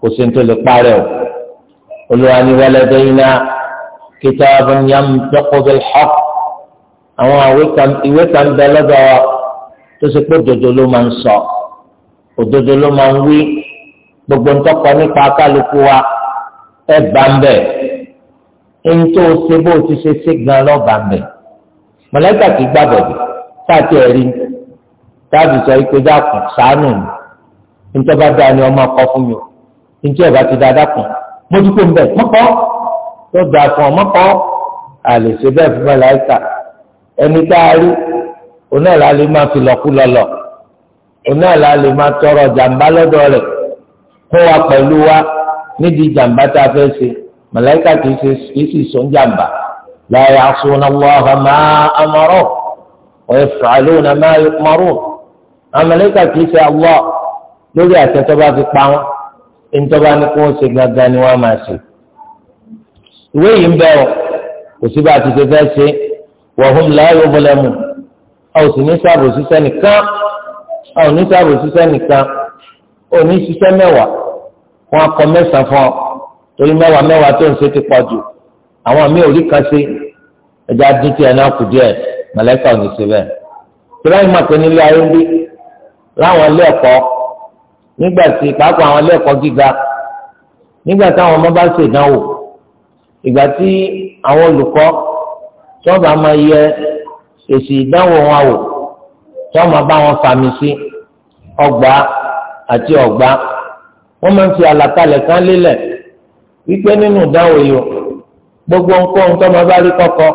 kò sí ní tó lè parẹ́ o olùwà ni waladaina kitabun yantiqu bil haqq àwọn ìwé kan bẹ lọ́dọ̀ wa tó ṣe pé òdodo ló máa ń sọ òdodo ló máa ń wí gbogbo ntọ́kọ nípa kálukú wa ẹ bá ń bẹ̀ ń tó ṣe bó ti ṣe ṣe gan lọ́ba ń bẹ̀ mọ̀lẹ́kà kì í gbàgbọ́ bí táàtì ẹ̀rí táàbì sọ pé dákun ṣàánú mi ntọ́ bá dáa ni ọmọ ọkọ fún mi o ntí ọba ti dáa dákun mójúkó ń bẹ̀ mọ́kọ́ tó da fún ọ mọ́kọ́ àlèṣe bẹ́ẹ̀ fún màláíkà ẹni tá a rí oná ìlà lè máa fi lọ́kú lọ́lọ́ oná ìlà lè máa tọrọ jàǹbá lọ́dọ̀ rẹ̀ kó wa pẹ̀lú wa nídìí jàǹbá tá a fẹ́ ṣe màláíkà kì í sì sọ jàǹbá la ya'suna Allaha ma amara wa yaf'aluna ma yu'marun màláíkà kì í ṣe Allah lórí àtẹ̀tọ́ bá fi pa wọn ntọ́ba ní kí wọ́n ṣe gangan ni wọ́n máa ṣe. ìwé yìí ń bẹ̀ ọ́ kò sí bá a ti ṣe fẹ́ ṣe wọ̀hún láàyò bọ́lẹ́mù a ò sì ní sáàbò ṣiṣẹ́ nìkan a ò ní sáàbò ṣiṣẹ́ nìkan ò ní ṣiṣẹ́ mẹ́wàá wọn akọ mẹ́sàn-án fún ọ torí mẹ́wàá mẹ́wàá tó ń ṣe ti pọ̀ jù àwọn mi ò kan ṣe ẹja dín tiẹ̀ náà kù díẹ̀ mọ̀lẹ́kà ò ní ṣe bẹ́ẹ̀. tí láì máa pé nílé ayé ń bí láwọn ilé ẹ̀kọ́ nígbà tí pàápàá àwọn ẹlẹ́kọ̀ọ́ gíga nígbà táwọn ọmọ bá ṣèdánwò ìgbà tí àwọn olùkọ́ tí wọ́n bá máa yẹ èsì ìdánwò wọn wò tí wọ́n máa bá wọn fàmì sí ọgbà àti ọgbà wọ́n máa ń fi àlàkalẹ̀ kan lélẹ̀ wípé nínú ìdánwò yìí gbogbo nǹkan tó máa bá rí kọ́kọ́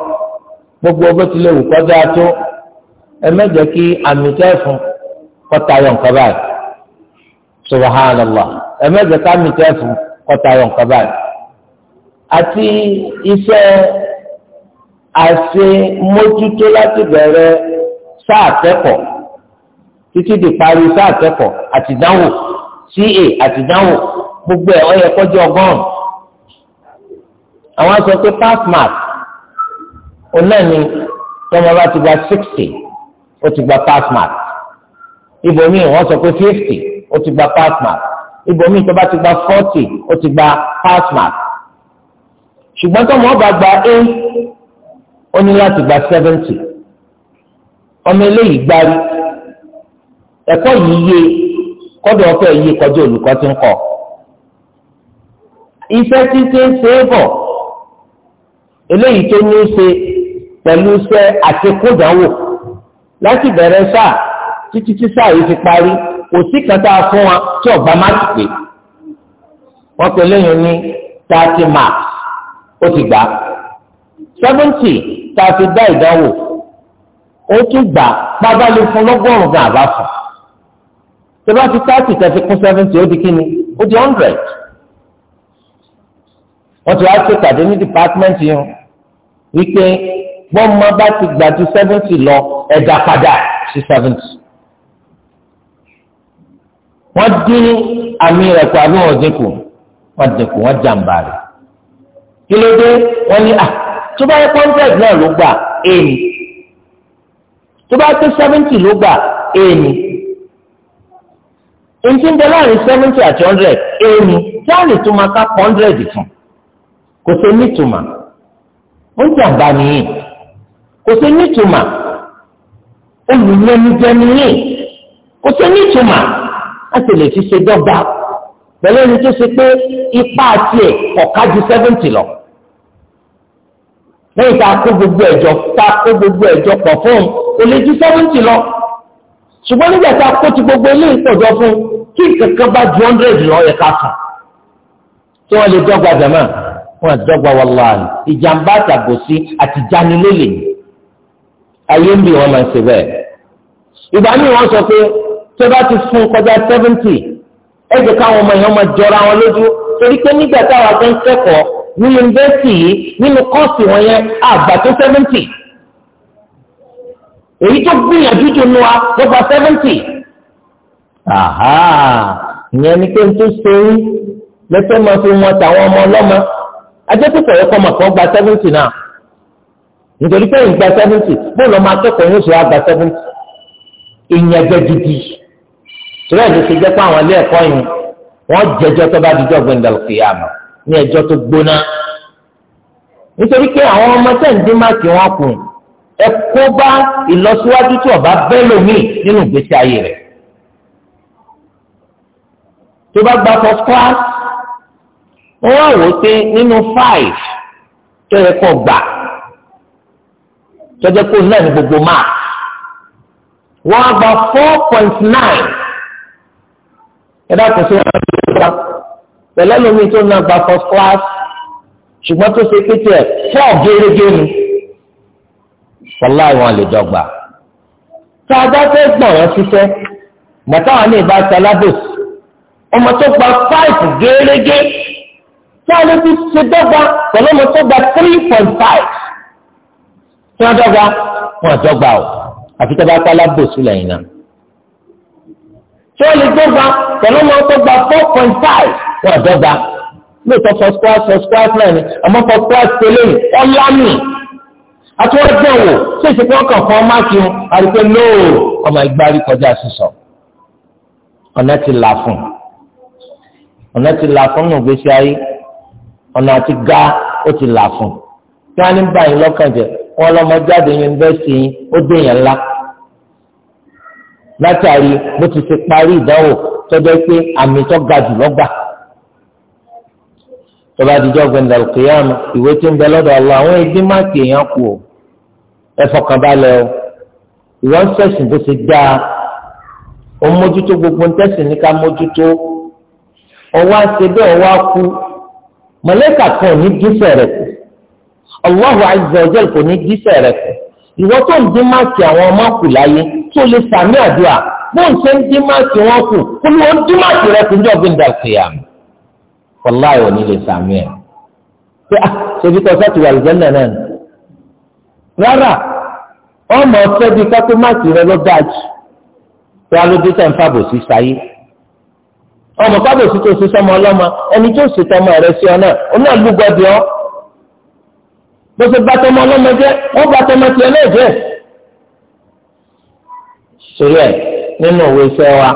gbogbo bó tilẹ̀ wù kọ́ dáa tó ẹ mẹ́jẹ̀ kí àmì tẹ́ fún kọ́ tayọ báyìí subhanallah ẹ̀mẹ́jẹ̀ ká mi tẹ́ fún kọ́tà yọ̀ nǹkan báyìí. àti iṣẹ́ àṣe mójútó láti bẹ̀rẹ̀ sáà kẹ́kọ̀ọ́ títí di parí sáà kẹ́kọ̀ọ́ àtìdánwò ca àtìdánwò gbogbo ẹ̀ ọ yẹ kọjú ọgọ́rùn-ún. àwọn sọ pé pass mark òun náà ni tọ́mọ bá ti gba sixty ó ti gba pass mark ibòmíì wọ́n sọ pé fifty ó ti gba pass mark ibòmíì tó bá ti gba forty ó ti gba pass mark ṣùgbọ́n tó wọ́n bá gba a ó ní láti gba seventy ọmọ eléyìí gbárí ẹ̀kọ́ yìí yé kọ́dọ̀ ọ̀fẹ́ yìí kọjá olùkọ́ tí ń kọ́ iṣẹ́ tí ṣe ń ṣe é bọ̀ eléyìí tó ní í ṣe pẹ̀lú iṣẹ́ àtikúndánwò láti bẹ̀rẹ̀ sáà títí tí sáà yìí fi parí kò sí kẹta fún wọn tí ọba má ti pè wọn pe lẹ́yìn ní thirty marks ó ti gbà seventy tá a ti dá ìdánwò ó tún gbà pábálẹ fún lọ́gọ́rùn gan àbá fún tó bá ti thirty tẹ fi kún seventy ó di kíni ó di hundred wọ́n ti wá ṣe pàdé ní department yìí wípé gbọ́n bá ti gbà ju seventy lọ ẹ̀dá padà sí seventy wọ́n dín àmì rẹ̀ kù àbí wọ́n dínkù wọ́n dínkù wọ́n jàǹbá rẹ̀ kí ló dé wọ́n ní à ah, tó bá yẹ kọ́ńtẹ́ẹ̀tì náà ló gbà èèní tó bá tó sẹ́fẹ́ntì ló gbà èèní èyí ń bẹ láàrin sẹ́fẹ́ntì àti hundred èèní tí a lè tún máa ká hundred fún kò sí nítumà ó jàǹbá nìyí kò sí nítumà olùyẹnijẹ nìyí kò sí nítumà a sì lè fi ṣe dọ́gba pẹ̀lú ẹni tó ṣe pé ipá tiẹ̀ ọ̀ka ju seventy lọ lẹ́yìn tá a kó gbogbo ẹ̀jọ́ tá a kó gbogbo ẹ̀jọ́ pọ̀ fún kò lè ju seventy lọ ṣùgbọ́n nígbà tá a kó ti gbogbo eléyìí pọ̀ jọ fún un kí kankan bá ju hundred lọ yẹ ká sùn tí wọ́n lè dọ́gba jàmá wọ́n dọ́gba wàláhì ìjàmbá àtàbòsí àti ìjánilélẹ̀ ayé ń bì wọ́n máa ń ṣe bẹ́ẹ̀ ìgbà míì wọ́n sọ pé tó bá ti sun kọjá seventy ẹ jẹ́ káwọn ọmọ yẹn máa jọra wọn lójú torí pé nígbà táwọn afẹ́ ń kẹ́kọ̀ọ́ ní yunifásitì yìí nínú kọ́ọ̀sì wọn yẹn àgbà tó seventy èyí tó gbìyànjú jù nù wa ló gba seventy ìyẹn ni pé n tó ṣe rí lẹ́tọ́ máa fi wọn tàwọn ọmọ ọlọ́mọ ajẹ́pẹ̀pẹ̀ ẹ̀kọ́ máa kọ́ gba seventy náà nítorí pé ìgbà seventy bóòlù ọmọ akẹ́kọ̀ọ́ yóò ṣe àgbà seventy ìyẹn jẹ́ gidi torí ẹ̀jẹ̀ ti jẹ́ pé àwọn ilé ẹ̀kọ́ yìí wọ́n jẹjọ́ tó bá dijọ́ gbẹ̀ndàlù kìyàmù ní ẹjọ́ tó gbóná nítorí pé àwọn ọmọ tẹ̀ ń dín máàkì wọn kù ẹ kó bá ìlọsíwájú tí ọba bẹ́ẹ̀ lómi nínú ìgbésí ayé rẹ̀ tó bá gba first class wọ́n wá wò ó pé nínú five tó yẹ kó gbà tọ́jọ́ pé náà ní gbogbo máa wọ́n á gba four point nine ẹ dákun sí wọn lọ́wọ́ pẹ̀lẹ́ lómi tó náà gba first class ṣùgbọ́n tó ṣe pété ẹ̀ fọ́ gérégé ni wàláì wọn lè dọ́gba tá a bá fẹ́ gbọ̀ràn ṣiṣẹ́ mọ̀táwọn ní ìbá salábòsì ọmọ tó gba five gérégé tí a lè fi ṣe dọ́gba pẹ̀lú ọmọ tó gba three point five tí wọ́n dọ́gba wọ́n dọ́gba o àfi tó bá salábòsì lẹ́yìn náà tí wọ́n lè dọ́gba pẹ̀lú ọmọ tó gba four point five wọn àdọ́gba lóòótọ́ first class first class náà ni àmọ́ first class tẹ́lẹ̀ ọ̀làmì àtúwọ́dẹ̀ wò ṣé ìṣèkọ́ kan fún ọmọ kí n àrùkọ lóò ọmọ ìgbárí kọjá sísọ ọ̀nà ti là fún ọ̀nà ti là fún nù gbèsè ayé ọ̀nà àti ga ó ti là fún kí wọ́n á ní báyìí lọ́kàn jẹ wọn lọ́mọ jáde yunifásitì yín ó dé yẹn ńlá látàrí bó ti ṣe parí ìdánwò tọ́jọ́ pé àmì tó ga jù lọ́gbà tọ́ba àdìjọ́ gbẹ̀ndà òkèèyàn ìwé tí ń bẹ lọ́dọ̀ ọlọ́ àwọn ẹbí máàkì èèyàn kù ó ẹ fọkàn balẹ̀ o ìwọ ń sẹ̀sìn tó ti dáa ó ń mójútó gbogbo ń tẹ̀sìn ní ká mójútó ọwọ́ àti bẹ́ẹ̀ ọwọ́ á kú mọ̀lẹ́kà kan ò ní gísẹ̀ rẹ̀ kù Allahu azza kò ní gísẹ̀ rẹ̀ kù ìwọ tó ń dín máàkì àwọn ọmọ kù láyé tó lè sàmì àdúrà bó ń ṣe ń dín máàkì wọn kù kó ló ń dín máàkì rẹ kù ní ọ̀gbìn dàkìyà wàláì òní lè sàmì ẹ̀ pé a ah, ṣèbí tó sọ́ọ̀tì wà lùjẹ́nà náà rárá ọmọ ọ̀fẹ́ bíi kápẹ́ máàkì rẹ ló dáa jù pé alódé tẹ̀ ń fàbòsí sáyé ọmọ fàbòsí tó ṣe sọmọ ọlọ́mọ ẹni tó ṣe tọmọ rẹ sí ọ náà ọ náà lúgọdì ọ bó ṣe bá tọmọ ọlọ́mọ jẹ́ wọ́n bá tọmọ tiẹ̀ náà jẹ́ sórí ẹ̀ nínú òwe iṣẹ́ wa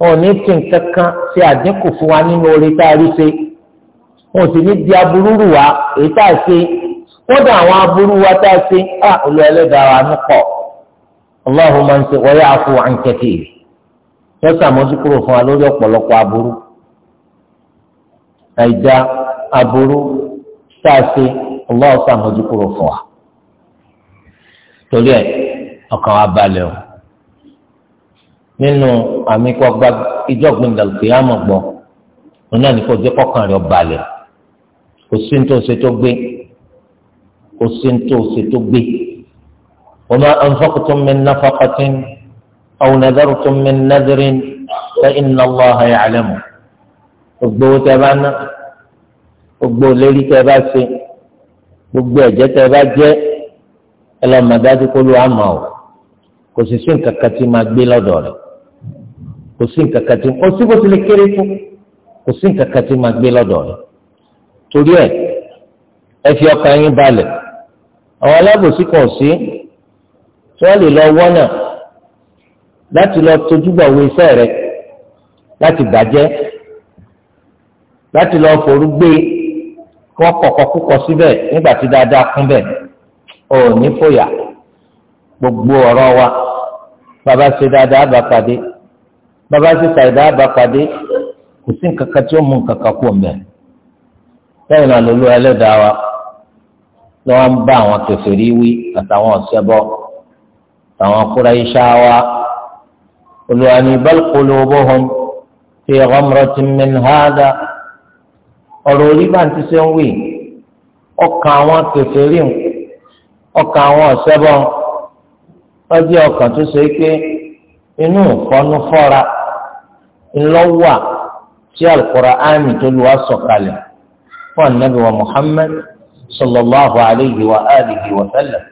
wọn ò ní tì kankan ṣe àdínkù fún wa nínú orí tá a ní di aburú rù èyí tá a ṣe kódà àwọn aburú wa tá a ṣe á olú ẹlẹ́dàá wa ní kọ̀ ọlọ́run máa ń ṣe wọ́n fún wa lórí ọ̀pọ̀lọpọ̀ aburú aburú tá a ṣe ọlọ́run torí ọkàn wa nínú àmì kó gba ìjọgbìn dàgbéyàmọ gbọ òun náà ní kó jẹ kọkàn rẹ balẹ̀ kò sí ní tó ṣe tó gbé kò sí ní tó ṣe tó gbé wa ma anfaqtum min nafaqatin aw nadartum min nadrin fa inna Allaha ya'lamu gbogbo tẹ bá ná gbogbo lérí tẹ bá ṣe gbogbo ẹ̀jẹ̀ tẹ bá jẹ ẹ lọ mọ dájú kó ló àmọ́ ọ kò sì sí nǹkan kan tí máa gbé lọ́dọ̀ rẹ̀ kò sí nǹkan kan tí kò sí bó tilẹ̀ kéré tó kò sí nǹkan kan tí máa gbé lọ́dọ̀ rẹ̀ torí ẹ̀ ẹ fi ọkàn yín balẹ̀ àwọn alábòsí kan sí tí wọ́n lè lọ wọ́nà láti lọ tojúbọ̀ wo iṣẹ́ rẹ̀ láti bàjẹ́ láti lọ forúgbé kọ́ kọ̀kọ́ kúkọ síbẹ̀ nígbà tí dáadáa kún bẹ̀ ò ní fòyà gbogbo ọ̀rọ̀ wa bàbá ṣe dáadáa bá pàdé. bàbá isi ìdá àbápadé kò sí nǹkan tí ó mú nǹkan kú ọ̀mẹ́ lẹ́yìn náà wa ni wọ́n bá àwọn kèfèrí wí àtàwọn ọ̀sẹ́bọ àtàwọn Quraysh wa Olúwa ní bal fi orí bá ń ti ṣe ń wí ọkàn àwọn ọkàn àwọn ọkàn ńlọ́wà tí alukóraani tó lu wá sọ̀kalẹ̀ fún anabi wa muhammed sallallahu alayhi wa alihi wa sallam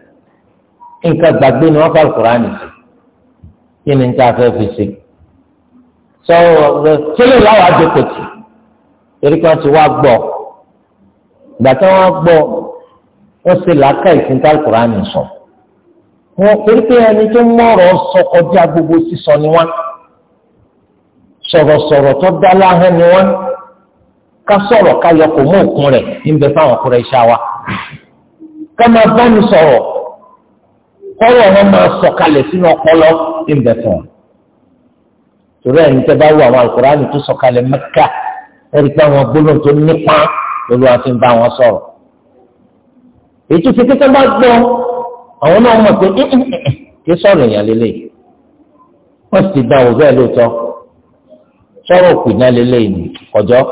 nǹkan gbàgbé ni wọ́n fa alukóraani sí kí ni nǹkan afẹ́ fi sí sọ̀rọ̀ kílè láwọn adókòtì torí kan ti wá gbọ́ gbàtà wọn gbọ́ wọ́n ṣe làákà ìsìnká alukóraani sọ wọn torí pé ẹni tó mọ̀rọ̀ sọ kọjá gbogbo sísọ ni wọn sọ̀rọ̀sọ̀rọ̀ tó dá láhán ni wọ́n ká sọ̀rọ̀ ká yọ kò mú òkun rẹ̀ níbẹ̀ fáwọn kúrẹ́ iṣẹ́ wa ká máa bá mi sọ̀rọ̀ kọ́rọ̀ wọn máa sọ̀kalẹ̀ sínú ọpọlọ níbẹ̀ fún wọn. torí ẹni tẹ́ bá wo àwọn àlùkùránì tó sọ̀kalẹ̀ Mẹ́kà ẹni pé àwọn gbólóhùn tó nípa lórí wọn fi ń bá wọn sọ̀rọ̀. èyí tó fi kíkẹ́ bá gbọ́ àwọn náà mọ̀ pé kí sọ̀rọ̀ èèyàn wọ́n ti dá sọ̀rọ̀ òkùnjá lélẹ́yìn kọjọ́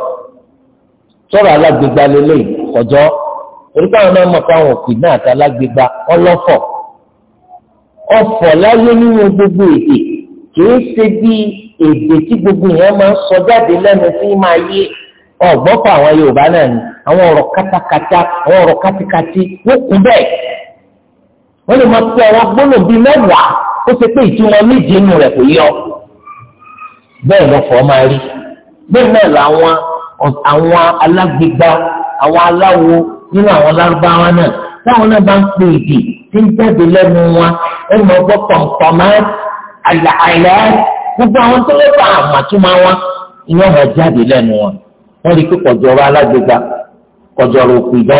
sọ̀rọ̀ alágbègbà lélẹ́yìn kọjọ́ orúkọ àwọn náà mọ̀ pé àwọn òkùnjá àti alágbègbà ọlọ́fọ̀ láyé nínú gbogbo èdè kìí ṣe bí èdè tí gbogbo máa ń sọ jáde lẹ́nu máa yé fún àwọn Yorùbá náà ni àwọn ọ̀rọ̀ àwọn ọ̀rọ̀ kú bẹ́ẹ̀ wọ́n lè máa bíi mẹ́wàá ó ṣe pé yọ. bẹ́ẹ̀ lọ́fọ̀ máa rí bẹ́ẹ̀ náà làwọn àwọn alágbègbà àwọn aláwo nínú àwọn lárúbáwá náà táwọn náà bá ń pè èdè tí ń jáde lẹ́nu wọn ẹ mọ gbọ́ pọ̀npọ̀ máa àlàálẹ̀ gbogbo àwọn tó lè bá àmàtúmọ̀ wọn ìyẹn wọn jáde lẹ́nu wọn wọ́n rí pé kọ̀jọ̀rọ̀ alágbègbà kọ̀jọ̀rọ̀ òpìdá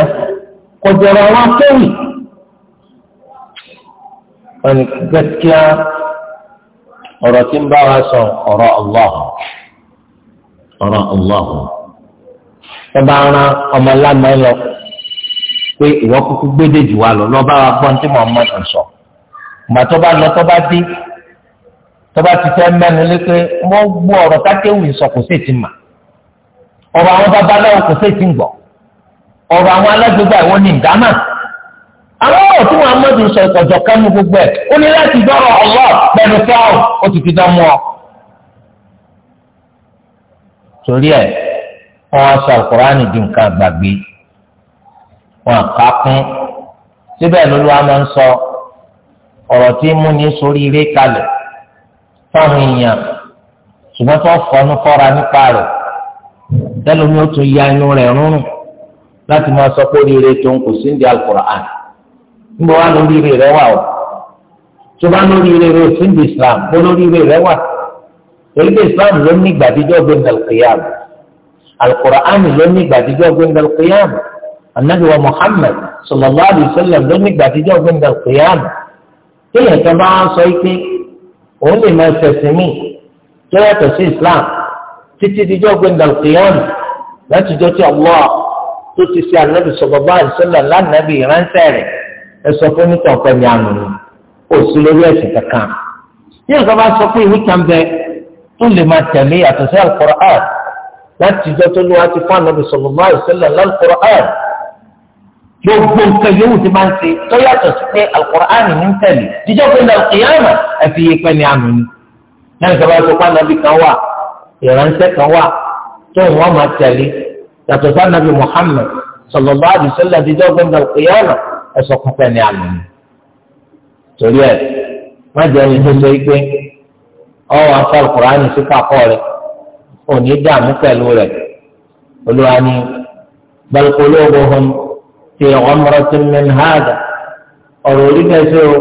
kọ̀jọ̀rọ̀ àwọn akéwì. wọ́n ní gẹ́gẹ́ ọ̀rọ̀ tí ń bá wa sọ ọ̀rọ̀ ọlọ́hùn ọ̀rọ̀ ọlọ́hùn ẹ bá ran ọmọ lọ pé ìwọ kúkú gbédè jù wá lọ bá wa gbọ́n tí màá sọ tó bá lọ tó bá dé tó bá ti fẹ́ mẹ́nu lé pé wọ́n gbọ́ ọ̀rọ̀ tákéwì sọ kò sí ti mà ọ̀rọ̀ àwọn babaláwo kò sí ti gbọ́ ọ̀rọ̀ àwọn alágbègbè àwọn aláwọ̀ tí wọn amadu sọ ìkọ̀jọ̀ kan ní gbogbo ẹ̀ ó ní láti dọ́rọ̀ ọ̀lọ́ pẹ̀lú fáwọn ó ti fi dán mọ́ ọ. torí ẹ wọn aṣọ àkùránì di nǹkan àgbàgbé wọn kà kún síbẹ̀ lóluwà máa ń sọ ọ̀rọ̀ tí mú ní sórí eré kalẹ̀ fáwọn èèyàn ṣùgbọ́n tó fọnú fọ́ra nípa rẹ̀ tẹ́lómi ó tún ya inú rẹ̀ rúnrún láti máa sọ pé oríire tó ń kò sí ní di àlùkùránì níbo wá lórí ire rẹ wà o tó bá lórí ire rẹ sí ní islam bó lórí ire rẹ wà èyí islam ló ní gbàdíjọ́ gbẹ̀ngàn kìyàm alukur'an ló ní gbàdíjọ́ gbẹ̀ngàn kìyàm anabi wa muhammad sallallahu alayhi wa sallam ló ní gbàdíjọ́ gbẹ̀ngàn kìyàm téèyàn kan bá sọ pé òun lè máa ṣẹ̀sìn mí tó yàtọ̀ sí islam títí díjọ́ gbẹ̀ngàn kìyàm láti jọ́ tí allah tó ti ṣe anabi sallallahu alayhi wa sallam lánàbì ránṣẹ́ rẹ̀ ẹ sọ fún mi tàn kọ́ni àná ni kò sí lórí ẹ̀sìn kankan yíyan kan bá sọ pé ìwé kan bẹ tó lè máa tẹ̀lé àtúnṣe al-Qur'an láti ìjọ tó lọ́wọ́ ti fún ànábì sallallahu alaihi wasallam al-Qur'an gbogbo nǹkan yòówù ti máa ń ṣe tó yàtọ̀ sí pé alukur'an ní ń tẹ̀lé jíjọ́ pé lọ kìyàmà ẹ̀fì ìpẹ́ ni àmì ni lẹ́yìn tó bá tó pa nàbì kan wà ìránṣẹ́ kan wà tó wọ́n máa tẹ̀lé yàtọ̀ sí ànàbì Muhammad sallallahu alaihi wasallam jíjọ́ pé lọ kìyàmà ẹsọ kọfẹ ní àná torí ẹ má jẹ ẹni tó sọ pé ọwọ afọlù kùránì sí kakọ rẹ òní dààmú pẹ̀lú rẹ olúwa ni balùkọlù ọgbọhùn ti ọmọrọ ti mẹni hàdà ọ̀rọ̀ orí kẹsẹ o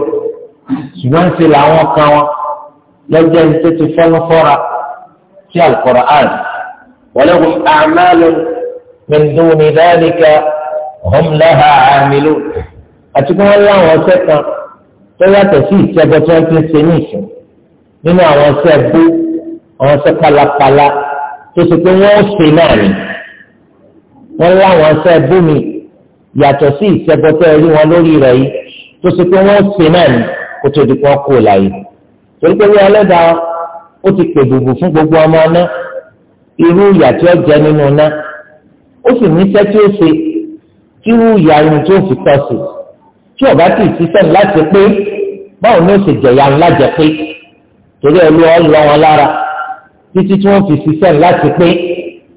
ṣùgbọ́n ṣe làwọn kan wọn lọ́jọ́ ẹni tó ti fẹnu fọra sí alukọrán wọlébùn àmàlù mẹndùnmí dáníkà hùm àmìlú àti kí wọ́n láwọn ọṣẹ kan tó yàtọ̀ sí ìṣẹ́gun tí wọ́n ti ń ṣe ní ìṣẹ́ nínú àwọn ọṣẹ bú àwọn ọṣẹ pálapàla tó ṣe pé wọ́n ṣe náà ni wọ́n láwọn ọṣẹ bú mi yàtọ̀ sí ìṣẹ́gun tó rí wọn lórí rẹ̀ yìí tó ṣe pé wọ́n ṣe náà ni kó tó di kán kó láyé torí pé wíwá lẹ́dàá ó ti pè bùbù fún gbogbo ọmọ ọ̀nà irú ìyà tí ó jẹ nínú ọ̀nà ó sì níṣẹ́ tí ó ṣe kí irú ìyà irun tó fi tọ́ sí i tí ọba ti ṣiṣẹ́ láti pé báwo ni ó ṣe jẹ̀yà ńlá jẹ pé torí ẹ lọ lọ wọn lára títí tí wọ́n fi ṣiṣẹ́ láti pé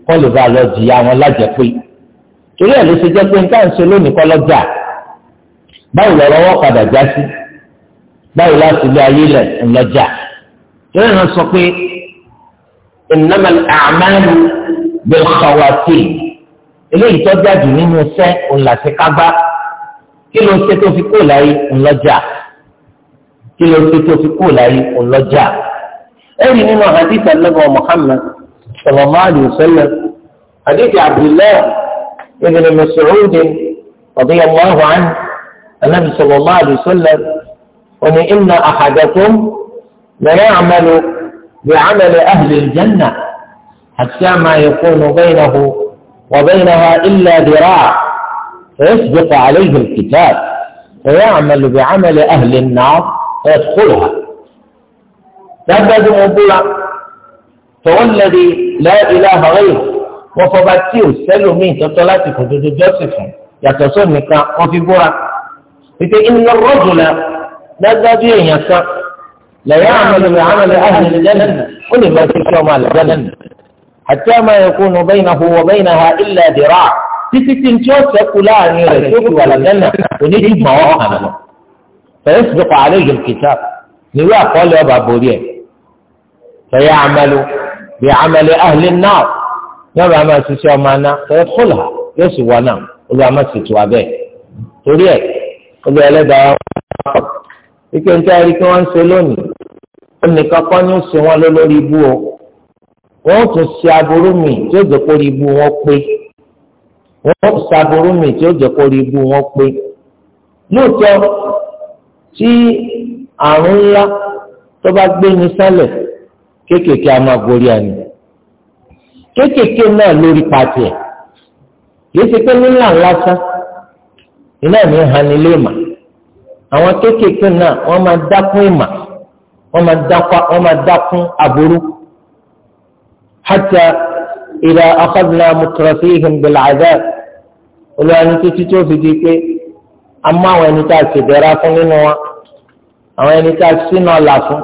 kọ́ lè bá lọ jìyà wọn lájẹ pé torí ẹ ló ṣe jẹ́ pé nǹkan ṣe lónìí kọ́ lọ́jà báwo lọ́rọ́ wọ́n padà já sí báwo láti lé ayé lẹ̀ ńlọ́jà torí ẹ̀ sọ pé ìnáma àmàlù bẹ̀rẹ̀ kọ̀wá sí eléyìí tó jáde nínú iṣẹ́ òun làṣẹ kágbá. kí ló ń ṣe tó fi kó láyé ńlọ́jà kí ló ń ṣe tó fi kó láyé ńlọ́jà ẹ̀rí nínú àdìsí anábọ̀ Muhammad sallallahu alayhi wa sallam àdìsí Abdullah ibn Mas'ud radiyallahu ẹ̀lẹ́bi anábì máàlì alayhi wa ìnà oní lẹ́yìn àmàlù bí àmàlù bi'amali ìjẹ́nà àti àmàlù hatta ma yakunu baynahu wa baynaha illa dira'. فيسبق عليه الكتاب فيعمل بعمل أهل النار فيدخلها تبدو أقول فوالذي لا إله غيره وفباتيو وسلو من تطلاتي فجد جوسفا يتصنك وفي برا إن الرجل لا ذاتي أن يسر لا يعمل بعمل أهل الجنة قل ما في شمال الجنة حتى ما يكون بينه وبينها إلا ذراع títí tí n tí ó sẹ́kù láàrin rẹ̀ tó kù àlàjánà onídìgbọ̀n ọ̀hàn lọ. fẹ̀yẹ́ sì dọ̀kọ̀ àlẹ́ yìí kìtà nírú àkọọ́lẹ̀ ọba borí ẹ̀. fẹ̀yẹ́ àmàlù bí àmàlù àhìlẹ̀ náà yọ̀ọ́ bá máa ṣiṣẹ́ ọmọ aná fẹ̀yẹ́ fúlà yóò sì wọ náà ó bá máa ṣètò abẹ́ torí ẹ̀ ó ẹlẹ́dàá ike ń ń ṣe lónìí ó ní kankan wọ́n tún ṣe aburú ó jẹ́ kó wọ́n ṣàbùrù mi tí ó jẹ́ kó rí ibú wọn pé lóòótọ́ tí àrùn ńlá tó bá gbé ní sálẹ̀ kéékèèké a máa gorí àná kéékèèké náà lórí pàtì ẹ̀ yìí ti pé nílà lásán iná ní hanilé mà àwọn kéékèèké náà wọ́n máa dákún ìmà wọ́n máa dákún aburú hatta ìlà akadùnà mùtúrọ̀sí ìhìnbẹ̀lẹ̀ àdáyé olúwa ní títí tó fi di pé a mú àwọn ẹni tá a sì dẹ́ra fún nínú wọn àwọn ẹni tá a sínú ọ̀là fún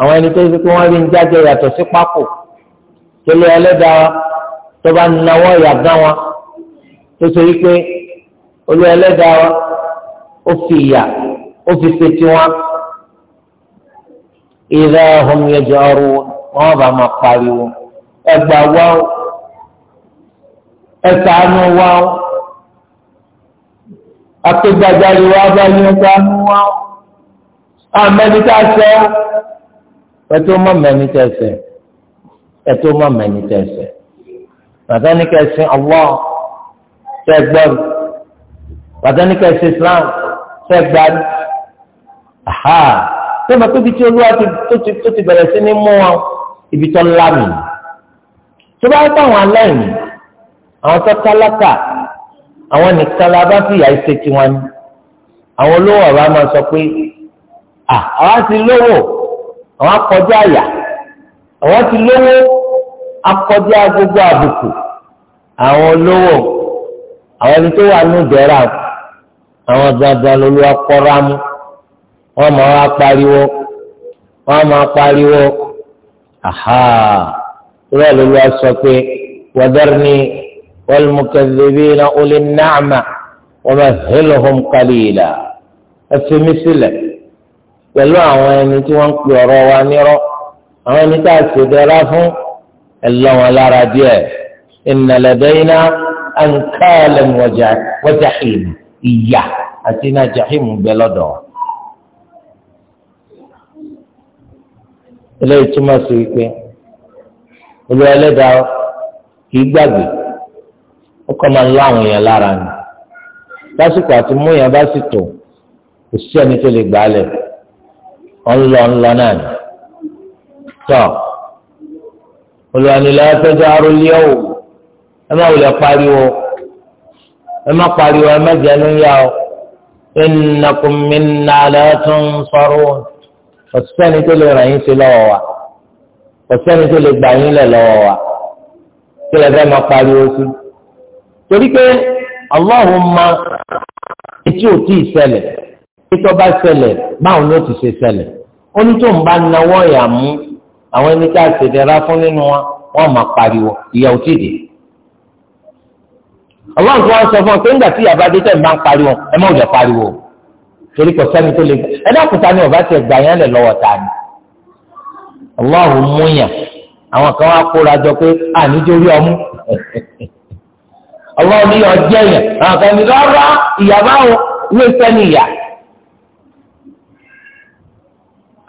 àwọn ẹni tó ti pé wọ́n rí ń jáde yàtọ̀ sí pákó tẹ̀lé ẹlẹ́dàá tó bá nawọ́ yàgá wọn tó so yí pé olúwa ẹlẹ́dàá ó fi ìyà ó fi ṣe tiwọn ìdá ọ̀hún yẹn jẹ́ ọrùn wọn bá máa pariwo ẹgbàá wá ẹ̀ta àánú wá ó àpégbàjáde wa bá yẹnta àmẹ́ni tá a sẹ́ ẹ̀tọ́ mọ́ mẹ́ni tẹ́ ẹsẹ̀ ẹ̀tọ́ mọ́ mẹ́ni tẹ́ ẹsẹ̀ bàtàní kẹsìn ọwọ́ tẹ́ gbọ́rù bàtàní kẹsìn Islam tẹ́ gbàdú aha sẹ́mi àtúbi tí olúwa tó ti bẹ̀rẹ̀ sí ní mú wọn ibi tó lámì tó bá ń bá àwọn aláìní àwọn tó tálákà àwọn nìkan la bá fìyà ṣe tiwọn ni àwọn olówó ọba máa sọ pé àwa ti lówó àwọn akọjá àyà àwọn ti lówó akọjá gbogbo àbùkù àwọn olówó àwọn ẹni tó wà ní àwọn dandan lolúwa kọ́ra mú wọ́n máa wá pariwo wọ́n máa pariwo aha ìrẹ́ lolúwa sọ pé wọ́dọ́rọ́ ni. والمكذبين أولي النعمة ومثلهم قليلا أفي مثلك pẹ̀lú àwọn ẹni tí wọ́n ń pè ọ̀rọ̀ wa nírọ́ àwọn ẹni tá a ṣe dára fún ẹ̀lọ́ wọn lára díẹ̀ ìnàlẹ́dẹ́yìnà ànkáàlẹ̀ wọ́jàhìm ìyà àti iná jàhìm bẹ lọ́dọ̀ wa. ilé ìtumọ̀ sí wípé olú ẹlẹ́dàá kì í gbàgbé. ó kọ́ máa ń láwọn èèyàn lára ni lásìkò àti mú yẹn bá sì tò kò sí ẹni tó lè gbà á lẹ̀ ọ̀nlọ ọ̀nlọ náà ni tọ́ olùwànilẹ̀ ẹ̀fẹ́jọ́ arólé o ẹ má wulẹ̀ pariwo ẹ má pariwo ẹ má jẹnu yá o innakum minna la tunsarun kò sí ẹni tó lè ràn yín sí lọ́wọ́ wa kò sí ẹni tó lè gbà yín lẹ̀ lọ́wọ́ wa kí lè fẹ́ máa pariwo sí torí pé ọlọ́run ma etí ò tí ì ṣẹlẹ̀ títọ́ bá ṣẹlẹ̀ báwọn ló ti ṣe ṣẹlẹ̀ ó ní tó ń bá nawọ́ ìyá mú àwọn ẹni tá a ṣèdẹ́ra fún nínú wa wọ́n máa pariwo ìyá ò tí ì dé ọlọ́run tó wá sọ fún ọ pé nígbà tí ìyá bá dé tẹ̀ ń bá ń pariwo ẹ má ò jẹ́ pariwo torí kò sẹ́ni tó lè gbà ẹ dákúta ni ọba tiẹ̀ gbà yẹn lẹ̀ lọ́wọ́ ta ni ọlọ́run múyàn àwọn kan wá kóra jọ pé àníjórí ọmú ọlọ́run ní yọ jẹ́ yẹn àwọn kan ní rárá ìyàbá o ìwé sẹ́ni ìyà.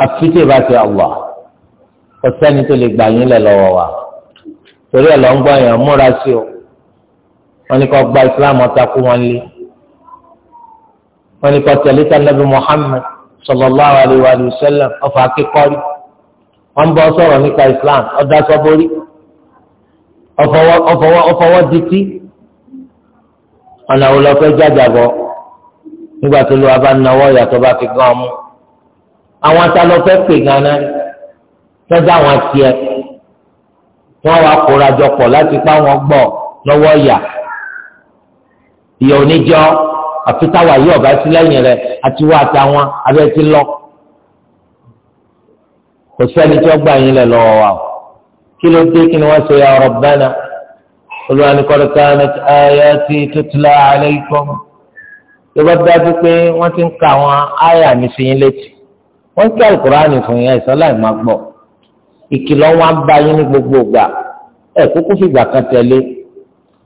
àfitè bá ti Allah kò sẹ́ni tó lè gbà yín lẹ̀ lọ́wọ́ wa torí ẹ̀ lọ́ ń gbọ́ yẹn múra sí o wọ́n ní kó gba ìsìláàmù ọ̀tá kú wọn lé wọ́n ní kó tẹ̀lé tẹ̀lẹ́bí Muhammad sallallahu alaihi wa sallam ọ̀fà akíkọ́rí wọ́n ń bọ́ sọ̀rọ̀ nípa ìsìláàmù ọ̀dá sọ́bórí ọ̀fọwọ́ dìtì ọ̀nà wo lọ fẹ́ jàjàbọ̀ nígbà tó lọ́wọ́ bá náwó ìyàtọ̀ bá fi gan ọmú àwọn atalọ fẹ́ pè ganan fẹ́ẹ́ àwọn tiẹ̀ wọ́n wá kóra jọ pọ̀ láti pa wọn gbọ́ lọ́wọ́ yà ìyà oníjọ́ àfi yìí ọ̀bá sí lẹ́yìn rẹ̀ àti wọ́n àtàwọn abẹ́ ti lọ kò sẹ́ni tí wọ́n gbà yín lẹ̀ lọ́wọ́ wa kí ló dé kí ni wọ́n ṣe ya Rabbana olúwa ni qad kanat ayati tutla alaykum tó bá dájú pé wọ́n ti ń ka àwọn àyà mi fi yín létí wọ́n ń kí alukur'ani fún yín ẹ̀sán láì máa gbọ́ ìkìlọ̀ wọn bá yín ní gbogbo ìgbà ẹ̀ kúkú fìgbà kan tẹ̀lé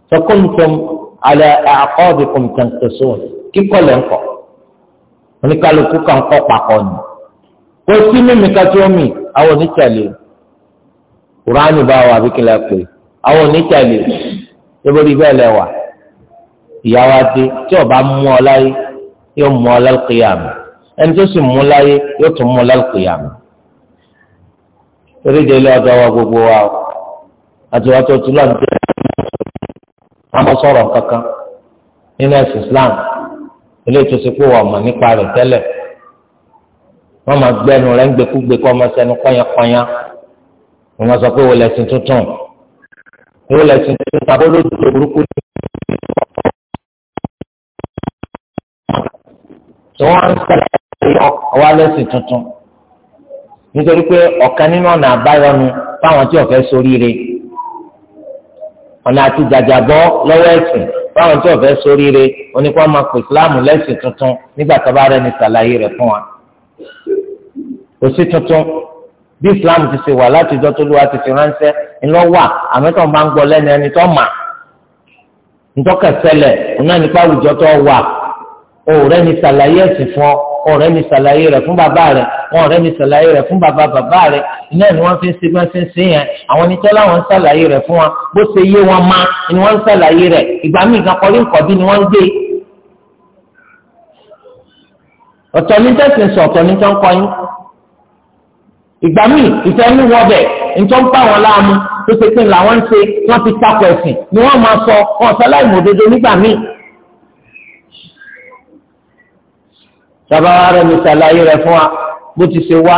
sọkúntùm alẹ́ àkọ́ọ̀bìkùn tẹ̀sán kíkọ́ lẹ́ńkọ̀ oníkálukú kan kọ́ papọ̀ ni kò sí mímí kátó mi àwọn onítẹ̀lé kur'ani bá wà bí kílẹ̀ pé àwọn onítẹ̀lé lórí bẹ́ẹ̀ lẹ́wà ìyàwó adé tí ọba mú ọ láyé yóò mú ọ lálùkìyàmù ẹni tó sì mú láyé yóò tún mú lálùkìyàmù torí délé ọ̀dọ̀ wa gbogbo wa o àti wọn tó tún lọ́nà tẹ́lẹ̀ wọn sọ̀rọ̀ kankan nínú ẹ̀sìn Islam ilé ìtòsí pé wọn mọ̀ nípa rẹ̀ tẹ́lẹ̀ wọn máa gbẹnu rẹ̀ ń gbẹkúgbẹ kọ́ ọmọ sẹ́nu kọ́yánkọ́yán wọn máa sọ pé wọlé ẹ̀sìn tuntun èyí lè tún tún pabó lójú burúkú ní. tí wọ́n ń sẹ́lẹ̀ ọwọ́ alẹ́sìn tuntun nítorí pé ọ̀kan nínú ọ̀nà àbáyọ ni fáwọn tí ọ̀fẹ́ ṣoríire ọ̀nà àti jàjàbọ́ lọ́wọ́ ẹ̀sìn fáwọn tí ọ̀fẹ́ ṣoríire onípa máa pè Islam lẹ́sìn tuntun nígbà tó bá rẹ̀ ní sàlàyé rẹ̀ fún wa. kò sí tuntun bí islam ti ṣe wà láti ìjọ tó lúwa ti fi ránṣẹ́ ńlọ wà àmọ́tọ́ máa ń gbọ́ lẹ́nu ẹni tó mà ńtọ́kẹ̀sẹlẹ̀ ọ̀nà nípa àwùjọ tó wà ọ̀rẹ́ ni sàlàyé ẹ̀sìn fún ọ̀rẹ́ ni sàlàyé rẹ̀ fún bàbá rẹ̀ ọ̀rẹ́ ni sàlàyé rẹ̀ fún bàbá bàbá rẹ̀ iná ni wọ́n fi ń ṣe bí wọ́n yẹn àwọn ẹni tó láwọn ń sàlàyé rẹ̀ fún wọn bó ṣe yé wọn má ni wọ́n ń sàlàyé rẹ̀ ìgbà míì kan kọrí nkọ̀bí ni wọ́n ń gbé. ọ̀tọ̀ ni tẹ́sí ń ni tó ń kọ́ yín ìgbà míì ìfẹ́ ní wọ́n bẹ̀ ntọ́ ń pa wọn láàmú tó ṣe pé làwọn ń ṣe wọ́n ti takò ẹ̀sìn ni wọ́n máa sọ ọ̀sán láì mọ̀ òdodo nígbà míì. sábà wà rẹ̀ mi ṣàlàyé rẹ̀ fún wa bó ti ṣe wá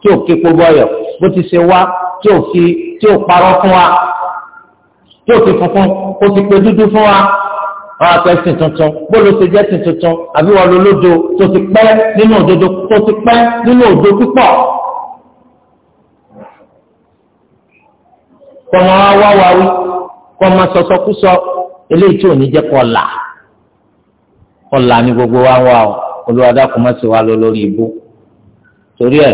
tí ò képo bọ́yọ̀ bó ti ṣe wá tí ò fi tí ò parọ́ fún wa tí ò fi funfun kó fi pe dúdú fún wa wọn á pẹ́ sìn tuntun bóòlù ṣe jẹ́ sìn tuntun àbí wọn lọ lódo tó ti pẹ́ nínú òdodo tó ti pẹ́ nínú òdo púpọ̀. kọmọ wá wá wí kọmọ sọsọkúsọ eléyìí tí ò ní jẹ kọ là ni gbogbo wa wà ó olùwàdàkùn má sì wá lọ lórí ibú torí ẹ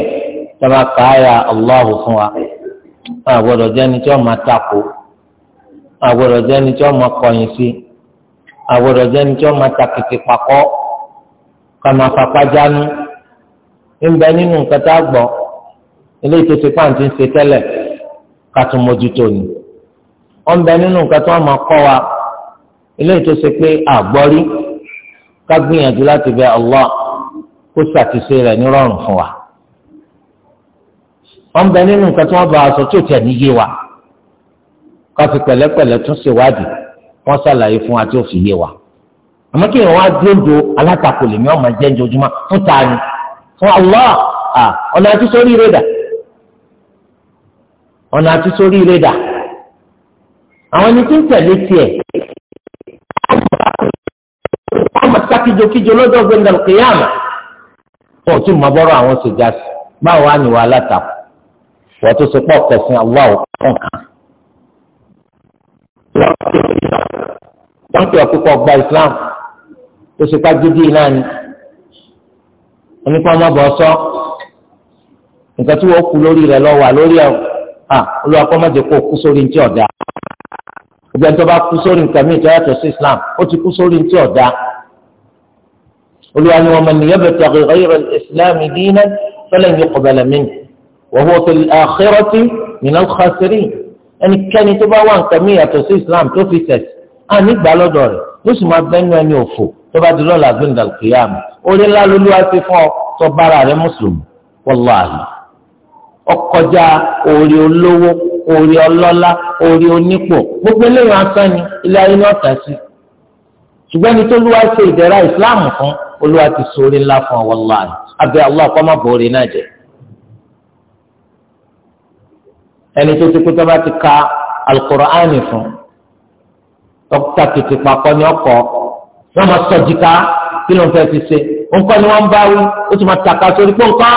sábà káyà Allahu fún wa a gbọ́dọ̀ jẹni tí wọn máa takò a gbọ́dọ̀ jẹni tí wọn máa kọ̀yìn sí a gbọ́dọ̀ jẹni tí wọn máa takìtì pakọ ká máa jánu ń bẹ nínú nǹkan tá a gbọ́ eléyìí tó ti pàǹtí ń ṣe tẹ́lẹ̀ ká tún mójútó ni wọn bẹ nínú nǹkan tí wọn máa kọ́ wa eléyìí tó ṣe pé àgbọ́rí ká gbìyànjú láti bẹ Allah kó ṣàtúnṣe rẹ̀ nírọ̀rùn fún wa wọn bẹ nínú nǹkan tí wọn bá aṣọ tó tẹ níyé wa ká fi pẹ̀lẹ́pẹ̀lẹ́ tún ṣèwádìí wọn ṣàlàyé fún wa tí ó fi yé wa àmọ́ kí ìrìn wa dúndò alátakò lèmi ọmọ jẹ́ njojúmọ́ fún ta ni fún Allah ọ̀nà àti sórí rẹ̀ dà ọ̀nà àti sórí ilé dà àwọn ẹni tí ń tẹ̀lé tiẹ̀ ọmọ sákìjokíjo lọ́dọ̀ gbẹ̀ngàn kìyàmù wọn ò tún mọ bọ́rọ̀ àwọn sèjà sí báwo á níwọ̀ alátakò wọ́n tó so pọ̀ kẹsìn àwọn òkàn kan. wọ́n pè ọ́ pípọ̀ gba Islam tó ṣe pa gidi náà ni onípa ọmọ bọ̀ sọ nǹkan tí wọ́n kú lórí rẹ̀ lọ́wọ́ lórí ẹ̀ ah olúwa kọ́ mọ́jẹ kó kú sórí ntí ọ̀dà ìgbà tó bá kú sórí nǹkan mi ìjọba tó sí islam ó ti kú sórí ntí ọ̀dà olúwa ni wọn mọ nìyẹn bẹ tàbí ghayra islam dínà falan yuqbala minhu wa huwa fil akhirati minal khasirin ẹnikẹ́ni tó bá wà nǹkan mi yàtọ̀ sí islam tó fi tẹ̀sí à nígbà lọ́dọ̀ rẹ̀ ló sì máa bẹ́ẹ̀ ní ẹni òfò tó bá di lọ́la gbẹ̀ndàlùkìyàmù orí ńlá lolúwa fún ọ tó bára rẹ̀ mùsùlùmí wàláhì ọkọjá orí olówó orí ọlọ́lá orí onípò gbogbo eléyìí asán ni ilé ayé náà tà sí ṣùgbọ́n ní tólúwa ṣe ìdẹ̀ra ìsìláàmù fún olúwa ti sórí ńlá fún ọ wọláì abẹ́ allah kọ́ má bòórí náà jẹ ẹni tó ti kú tó bá ti ka alukur'ani fún dókítà kìtì pàkọ́ ni ọkọ̀ wọ́n máa sọ jìká kí ló ń fẹ́ fi ṣe nǹkan ni wọ́n ń bá ó ti máa tàka sórí pé nǹkan.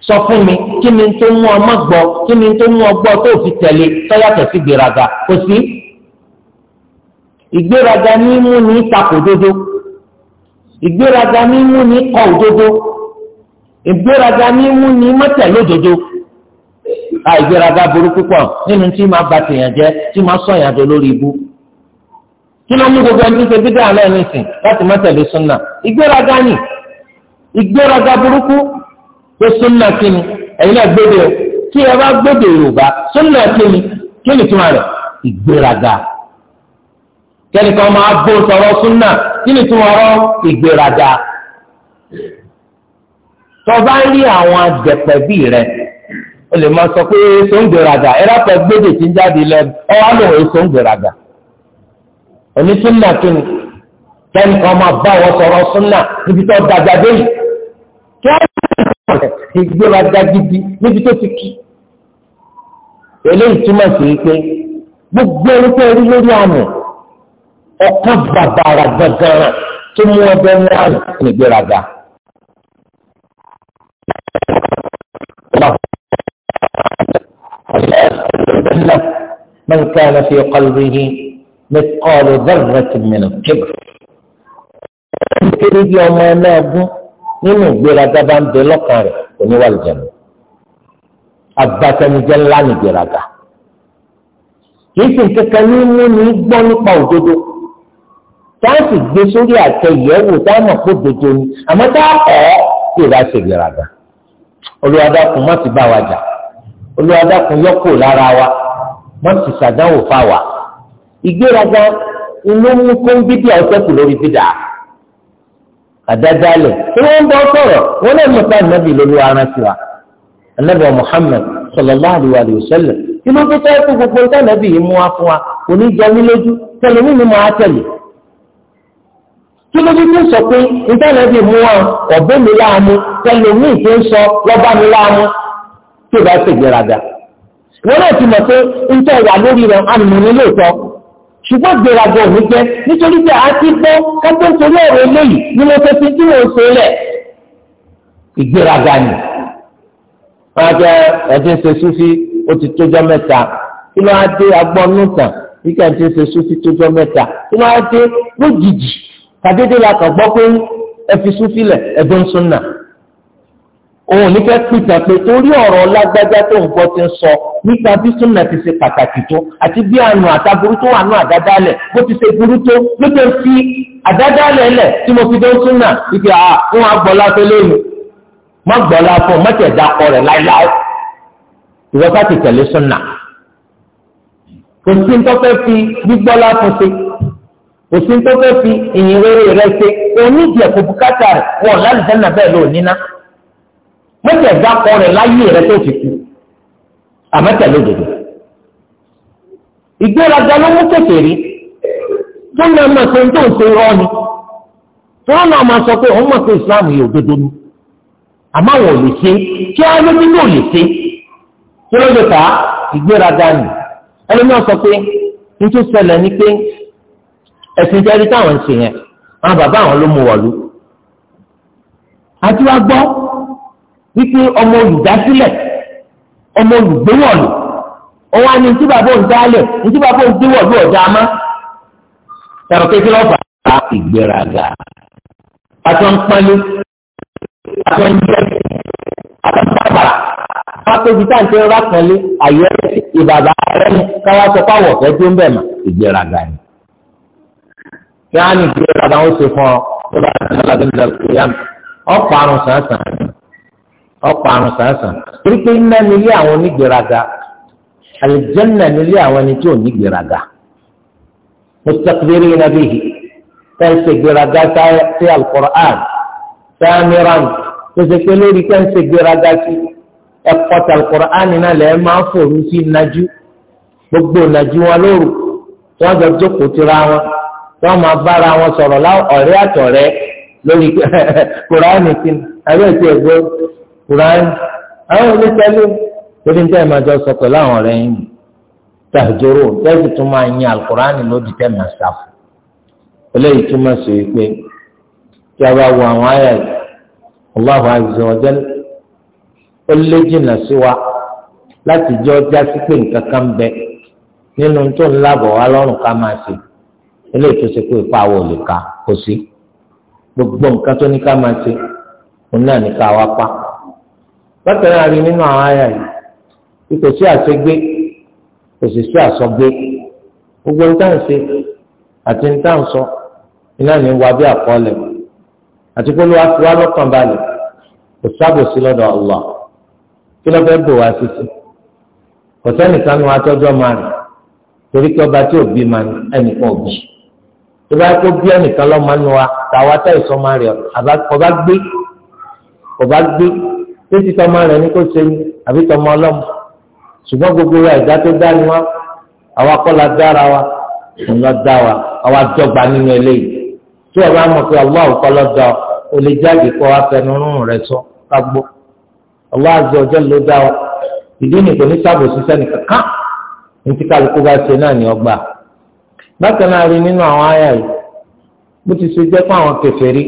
sọ fún mi kí ni tó mú ọmọ gbọ́ kí ni tó mú ọgbọ́ tó fi tẹ̀lé tọ́yàtọ̀ sí gbéraga kò sí. ìgbéraga ní mú ní takò dodo ìgbéraga ní mú ní kọ òdodo ìgbéraga ní mú ní mọ́tẹ̀ lódodo àìgbéraga burú púpọ̀ nínú tí máa ba tèèyàn jẹ́ tí máa sọ ìyàdó lórí ibú kí ló mú gbogbo ẹni tó ṣe bídà náà nìsín láti mọ́tẹ̀lé súnà ìgbéraga ni ìgbéraga burúkú pé súnà kíni ẹ̀yin náà gbóde o tí ẹ bá gbóde yorùbá súnà kíni kíni túmọ̀ rẹ̀ ìgbéraga kẹ́nìkan máa bó sọ̀rọ̀ súnà kíni túmọ̀ rẹ̀ ìgbéraga tọba ń rí àwọn àjẹpẹ bíi rẹ o lè máa sọ pé èso ń gbéraga ẹ rápẹ gbóde tí ń jáde lẹ́nu ọ wá lòun èso ń gbéraga onítúndà kíni kẹ́nìkan máa bá wọn sọ̀rọ̀ súnà níbi tó dàgbà dé yìí ìgbéra dágídí níbi tó ti kí eléyìí túmọ̀ sí pé gbogbo orúkọ orí lórí àmì ọ̀kan bàbàrà gàgàrà tó mú ọbẹ̀ ní àmì ìgbéraga. من كان في قلبه مثقال ذرة من الكبر. كبر يوم ما nínú ìgbéraga bá ń bẹ lọ́kàn rẹ̀ kò ní wà lùjẹ̀nu abatẹnijẹ ńlá ní ìgbéraga kì í sì kankan ní mímú gbọ́ nípa òdodo táàsì gbé sórí àtẹ̀yẹ̀wò táwọn kó dodo ni àmọ́ tá a kọ́ kí ìbá ṣe ìgbéraga olùwàdàkùn má ti bá wa jà olùwàdàkùn yọkù lára wa má ti ṣàdánwò fáwa ìgbéraga inú mú kó ń bídìí ọ̀sẹ̀ kù lórí bídà àdádálẹ̀ tí wọ́n ń bọ́ sọ̀rọ̀ wọ́n lè mọ̀ta ànábì lórí ara sí wa ànábì Muhammad sallallahu alayhi wa sallam kí ló tó tẹ́ fún gbogbo tí ànábì yìí mú wa fún wa kò ní jẹ mí lójú tẹ̀lé mí ni mo á tẹ̀lé kí ló tó sọ pé ìtànábì mú wa ọ̀bẹ mi láàmú tẹ̀lé mí tó ń sọ lọ́ba mi láàmú tí ò bá ṣègbéraga wọ́n náà ti mọ̀ pé ń wà lórí rẹ̀ àmì ṣùgbọ́n gbèràgbọ̀ mi jẹ́ nítorí pé a ti gbọ́ kátó nítorí ọ̀rọ̀ eléyìí ni mo fẹ́ fi kí mo ṣe lẹ̀ ìgbéraga ni wọ́n á jẹ́ ẹ̀dín ṣe súfí ó ti tójọ́ mẹ́ta kí ló á dé agbọ́nú tàn kíkà ti ṣe súfí tójọ́ mẹ́ta kí ló á dé lójijì tàdédé la kàn gbọ́ pé ẹ fi súfí lẹ̀ ẹ̀dín súnà òun ní fẹ́ pìtà pé torí ọ̀rọ̀ lágbájá tó ń gbọ́ ti ń sọ nípa bí súnà ti ṣe pàtàkì tó àti bí àánú àtàbúrú tó wà ní àdádálẹ̀ bó ti ṣe burú tó ló jẹ́ sí àdádálẹ̀ lẹ̀ tí mo fi dé súnà ibi àá fún agbọ́lá tó lóyún má gbọ́lá fún ọ mọ́tẹ̀ dákọ rẹ̀ láíláí ìwọ ká ti tẹ̀lé súnà kò sí ní tó fi gbígbọ́lá fún ṣe òsì tó fẹ́ fi ìyìn rẹ ṣe onídìí ẹ̀kọ́ bùkátà wọ̀ lálùfẹ́ mọ́tẹ̀dá kọ́ rẹ̀ láyé rẹ̀ tó ti kú àmọ́tẹ̀ lódodo. ìgbéraga ló mú tètè rí tó ní ọmọ ẹ̀sìn tó ń ṣe irọ́ ni tó ń náà máa sọ pé òun mọ̀ pé Islam yìí òdodo ni àmọ́ àwọn ò lè ṣe kí á lójú tó lè ṣe kí ló lè fà á ìgbéraga ni ẹni náà sọ pé nítorí ṣẹlẹ̀ ni pé ẹ̀sìn jẹ́rí táwọn ń ṣe yẹn àwọn bàbá àwọn ló mú wọ̀lú àti wá gbọ́ wípé ọmọ olùdásílẹ̀ ọmọ olùgbéwọ̀lù ọwọ́ ni tí bàbá òun dálẹ̀ tí bàbá òun gbéwọ̀lù ọ̀dà má. sọ̀rọ̀ kékeré ọ̀fà á ìgbéraga àti wọn pálí àti wọn jẹ́ àti bàbà pátóbi tá à ń tẹ́ ọ́rá pálí àyẹ́ ìbàbà rẹ̀ káwá sọ fáwọ̀ fẹ́ tó ń bẹ̀ mà ìgbéraga ni kí á ní ìgbéraga ó ṣe fún ọ tó bá ti sọ́lá tó ń dàgbé yá ọ̀pọ̀ àrùn sàn-sàn ọ̀pọ̀ àrùn sàǹsàn torí pé iná nílé àwọn onígbèraga àlìjẹ́nà nílé àwọn ẹni tí ò nígbèraga mustaqbiri nàbí tẹ́ǹsì gbèraga sí alukur'an sàmìràn tó ṣe pé lórí tẹ́ǹsì gbèraga sí ẹ̀kọ́ tí alukur'an náà lẹ́ẹ̀ máa ń fòrú sí nájú gbogbo nájú wọn lóru tí wọ́n jọ jókòó tura wọn tí wọ́n máa bára wọn sọ̀rọ̀ ọ̀rẹ́ àtọ̀rẹ́ lórí kùránì sí kùránì àwọn onítẹ̀lé lórí níta ìmọ̀ àjọ sọ pẹ̀lú àwọn ọ̀rẹ́ yín tàjọrò lẹ́yìn tó máa yin alukùránì lódì tẹ̀ máa ṣàfù eléyìí túmọ̀ sí wípé tí a bá wo àwọn àyà yìí Allahu azza wa jalla ó lé jìnnà sí wa láti jẹ́ ọjà sí nǹkan kan bẹ nínú tó ń lábọ̀ wá lọ́rùn ká máa ṣe eléyìí tó ṣe pé ipa wo lè ka kò sí gbogbo nǹkan tó ní ká máa ṣe òun náà ní ká wá pa bákan náà rí nínú àwọn àyà yìí ipò sí àṣegbé kò sì sí àṣọgbé gbogbo ní táǹsì àti ní táǹsọ iná ní wà bí àkọọ́lẹ̀ àti pé olúwa fi wá lọ́kàn balẹ̀ kò sábòsí lọ́dọ̀ Allah kí ló fẹ́ bò wá títí kò sẹ́nìkan nu atọ́jọ́ máa rìn torí kí ọba tí òbí máa ní ẹnìkan òbí tó bá tó bí ẹnìkan lọ́ọ́ máa nu wa tàwa táìsọ máa rìn ọba gbé ọba gbé. títí tọmọ rẹ̀ ní kó ṣe ni àbí tọmọ ọlọ́mọ ṣùgbọ́n gbogbo rẹ̀ ẹ̀dá tó dá ni wá àwa kọ́ la dára wa òun lọ dá wa àwa dọ́gba nínú eléyìí tí wọ́n bá pé ọlọ́ àwòkọ́ lọ dá o lè jáde kọ́ wa fẹnu rún rẹ̀ sọ ká gbọ́ ọlọ́ àzọ ọjọ́ ló dá wa ìdí nìkan ní sábò ṣiṣẹ́ nìkan ká ní tí kálukú bá ṣe náà ní ọgbà bákan náà rí nínú àwọn àyà yìí bó ti ṣe jẹ́ fún àwọn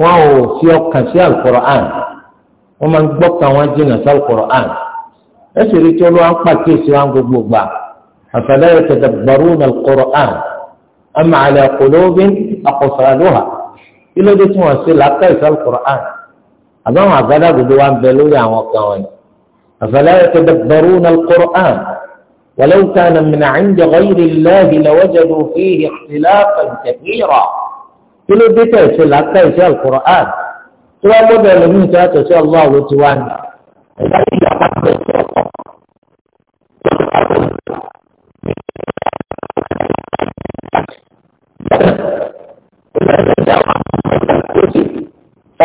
wọn ò fi ọkàn sí wọ́n máa ń gbọ́ kan wọ́n jìnnà sáwọ́ Qur'an ẹ sì rí tí olúwa ń pàkíyèsí wọn gbogbo gbà afala yatadabbaruna al-Qur'an am ala qulubin aqfaluha kí ló dé tí wọ́n ṣe làákàyè sáwọ́ Qur'an àbáwọn àgbàdá gbogbo wa ń bẹ lórí àwọn kan wọn ni afala yatadabbaruna al-Qur'an walau kana tí wọ́n gbọ́dọ̀ lómi ìtura tó sí ọlọ́ àwọn ti wá ní. ẹ̀ka yìí yà máa bẹ̀ sí ọkọ̀.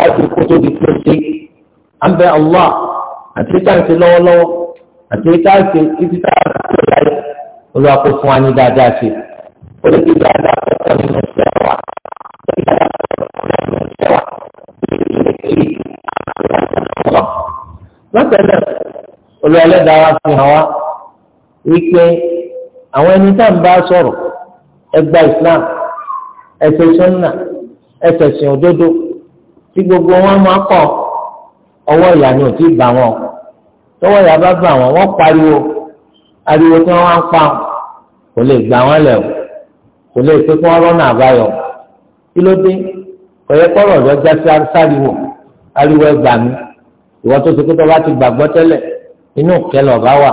láti kó tó di pé ṣe à ń bẹ Allah àti táǹtì lọ́wọ́lọ́wọ́ àti táǹtì títí táǹtì tó láyé olùwàkó fún wa ní dáadáa ṣe ó lè fi dáadáa kọ́kọ́ nínú náà olú ẹlẹ́dàá wa fi hàn wá wípé àwọn ẹni tá à ń bá sọ̀rọ̀ ẹgbà Islam ẹsẹ̀ sọ́nà ẹsẹ̀ sìn òdodo tí gbogbo wọn máa kọ̀ ọwọ́ ìyá ni ò tí ì bá wọn tọwọ́ ìyá bá bá wọn wọ́n pariwo ariwo tí wọ́n pa kò lè gbà wọ́n lẹ̀ o kò lè pé kí wọ́n rọ́nà àbáyọ kí ló dé kọ̀yẹ́kọ̀rọ̀ ọ̀dọ́ já sí sáriwo ariwo ẹgbàá mi ìwọ tó ti pé tó bá ti gbàgbọ́ tẹ́lẹ̀ inú kẹ́ lọ́ọ̀bá wà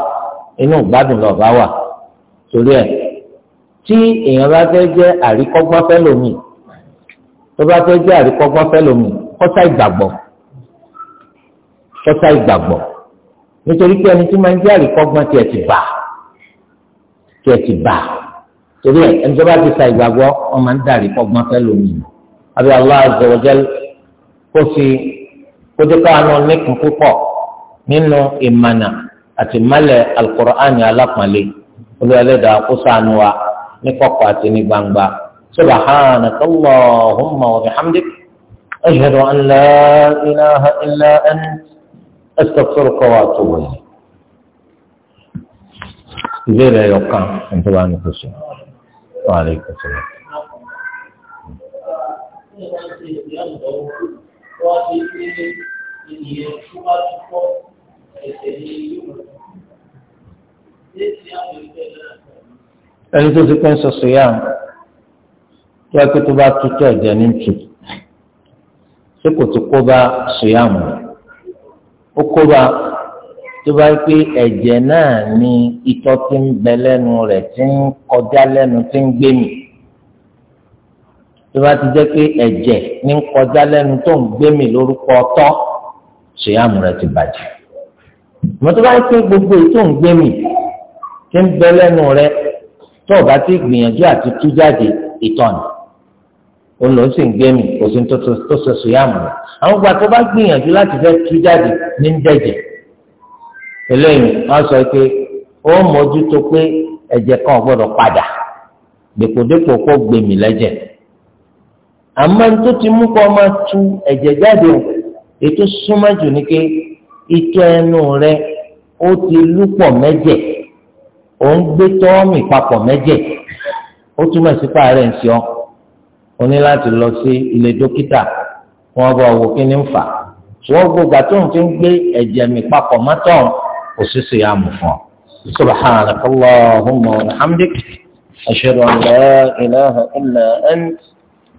inú gbádùn lọ́ọ̀bá wà torí ẹ̀ tí èèyàn bá fẹ́ jẹ́ àríkọ́gbọ́n fẹ́ lòmìn tó bá fẹ́ jẹ́ àríkọ́gbọ́n fẹ́ lòmìn kọ́sá ìgbàgbọ́ kọ́sá ìgbàgbọ́ nítorí pé ẹni tí máa ń jẹ́ àríkọ́gbọ́n tiẹ̀ ti bà tiẹ̀ ti bà torí ẹ̀ ẹni tó bá ti sa ìgbàgbọ́ wọ́n máa ń dà àríkọ́gbọ́n fẹ́ lòmìn àbí kó tó ká àánú nìkún púpọ̀ nínú ìmànà àti mọ́lẹ̀ alukur'ani alápọ̀nlé dà kó sànù wa ní kọ̀kọ̀ àti ní gbangba subhanaka allahumma wa bihamdik ashhadu an la ilaha illa ant astaghfiruka wa atubu ilayk. ìbéèrè ẹ̀yọ̀ kan nítorí wàá ní kò sí wàá lè kò wọ́n ti gbé ènìyàn tó bá ti pọ̀ ẹ̀sẹ̀ ní ìlú rẹ̀. ẹni tó ti pẹ́ ń sọ̀sọ̀ yá ń tó wá pé tó bá tutù ẹ̀jẹ̀ ní tù ṣé kò ti kó bá sùyàmù ó kó bá tó bá pé ẹ̀jẹ̀ náà ni ìtọ́ ti ń bẹ lẹ́nu rẹ̀ ti ń kọjá lẹ́nu ti ń gbé mì tó bá ti jẹ́ pé ẹ̀jẹ̀ ní kọjá lẹ́nu tó ń gbé mi lórúkọ ọtọ́ ṣèyàmù rẹ ti bàjẹ́ mọ́tò bá ń pé gbogbo èyí tó ń gbé mi ti ń bẹ lẹ́nu rẹ tó o bá ti gbìyànjú àti tú jáde ìtọ́ni òun ló sì ń gbé mi kò sí tó ṣe ṣèyàmù rẹ àwọn ìgbà tó bá gbìyànjú láti fẹ́ tú jáde ní ń dẹ̀jẹ̀ eléyìí wọ́n sọ pé ó mójútó pé ẹ̀jẹ̀ kan gbọ́dọ̀ padà dèpòdépò kó gbé mi lẹ́jẹ̀ àmọ́ tó ti mú kọ́ máa tu ẹ̀jẹ̀ jáde o ètò súnmájù ni pé itọ́ ẹnu rẹ ó ti lúpọ̀ mẹ́jẹ̀ ó ń gbé tọ́ọ̀mì papọ̀ mẹ́jẹ̀ ó túmọ̀ sí pààrẹ̀ ń sọ o ní láti lọ sí ilé dókítà wọn bá wò kí ni ń fà wọn gbogbo àti òun fi ń gbé ẹ̀jẹ̀ mi papọ̀ mọ́tọ̀ kò sí sí àmù fún ọ. subhanaka wa bihamdik ashhadu an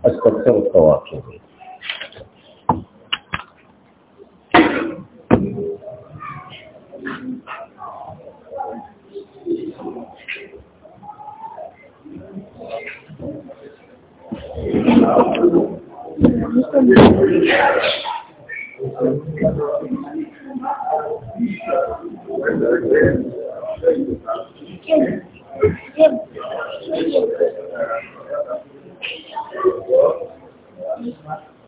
أستغفرك وأتوب إليك Thank you. Thank you.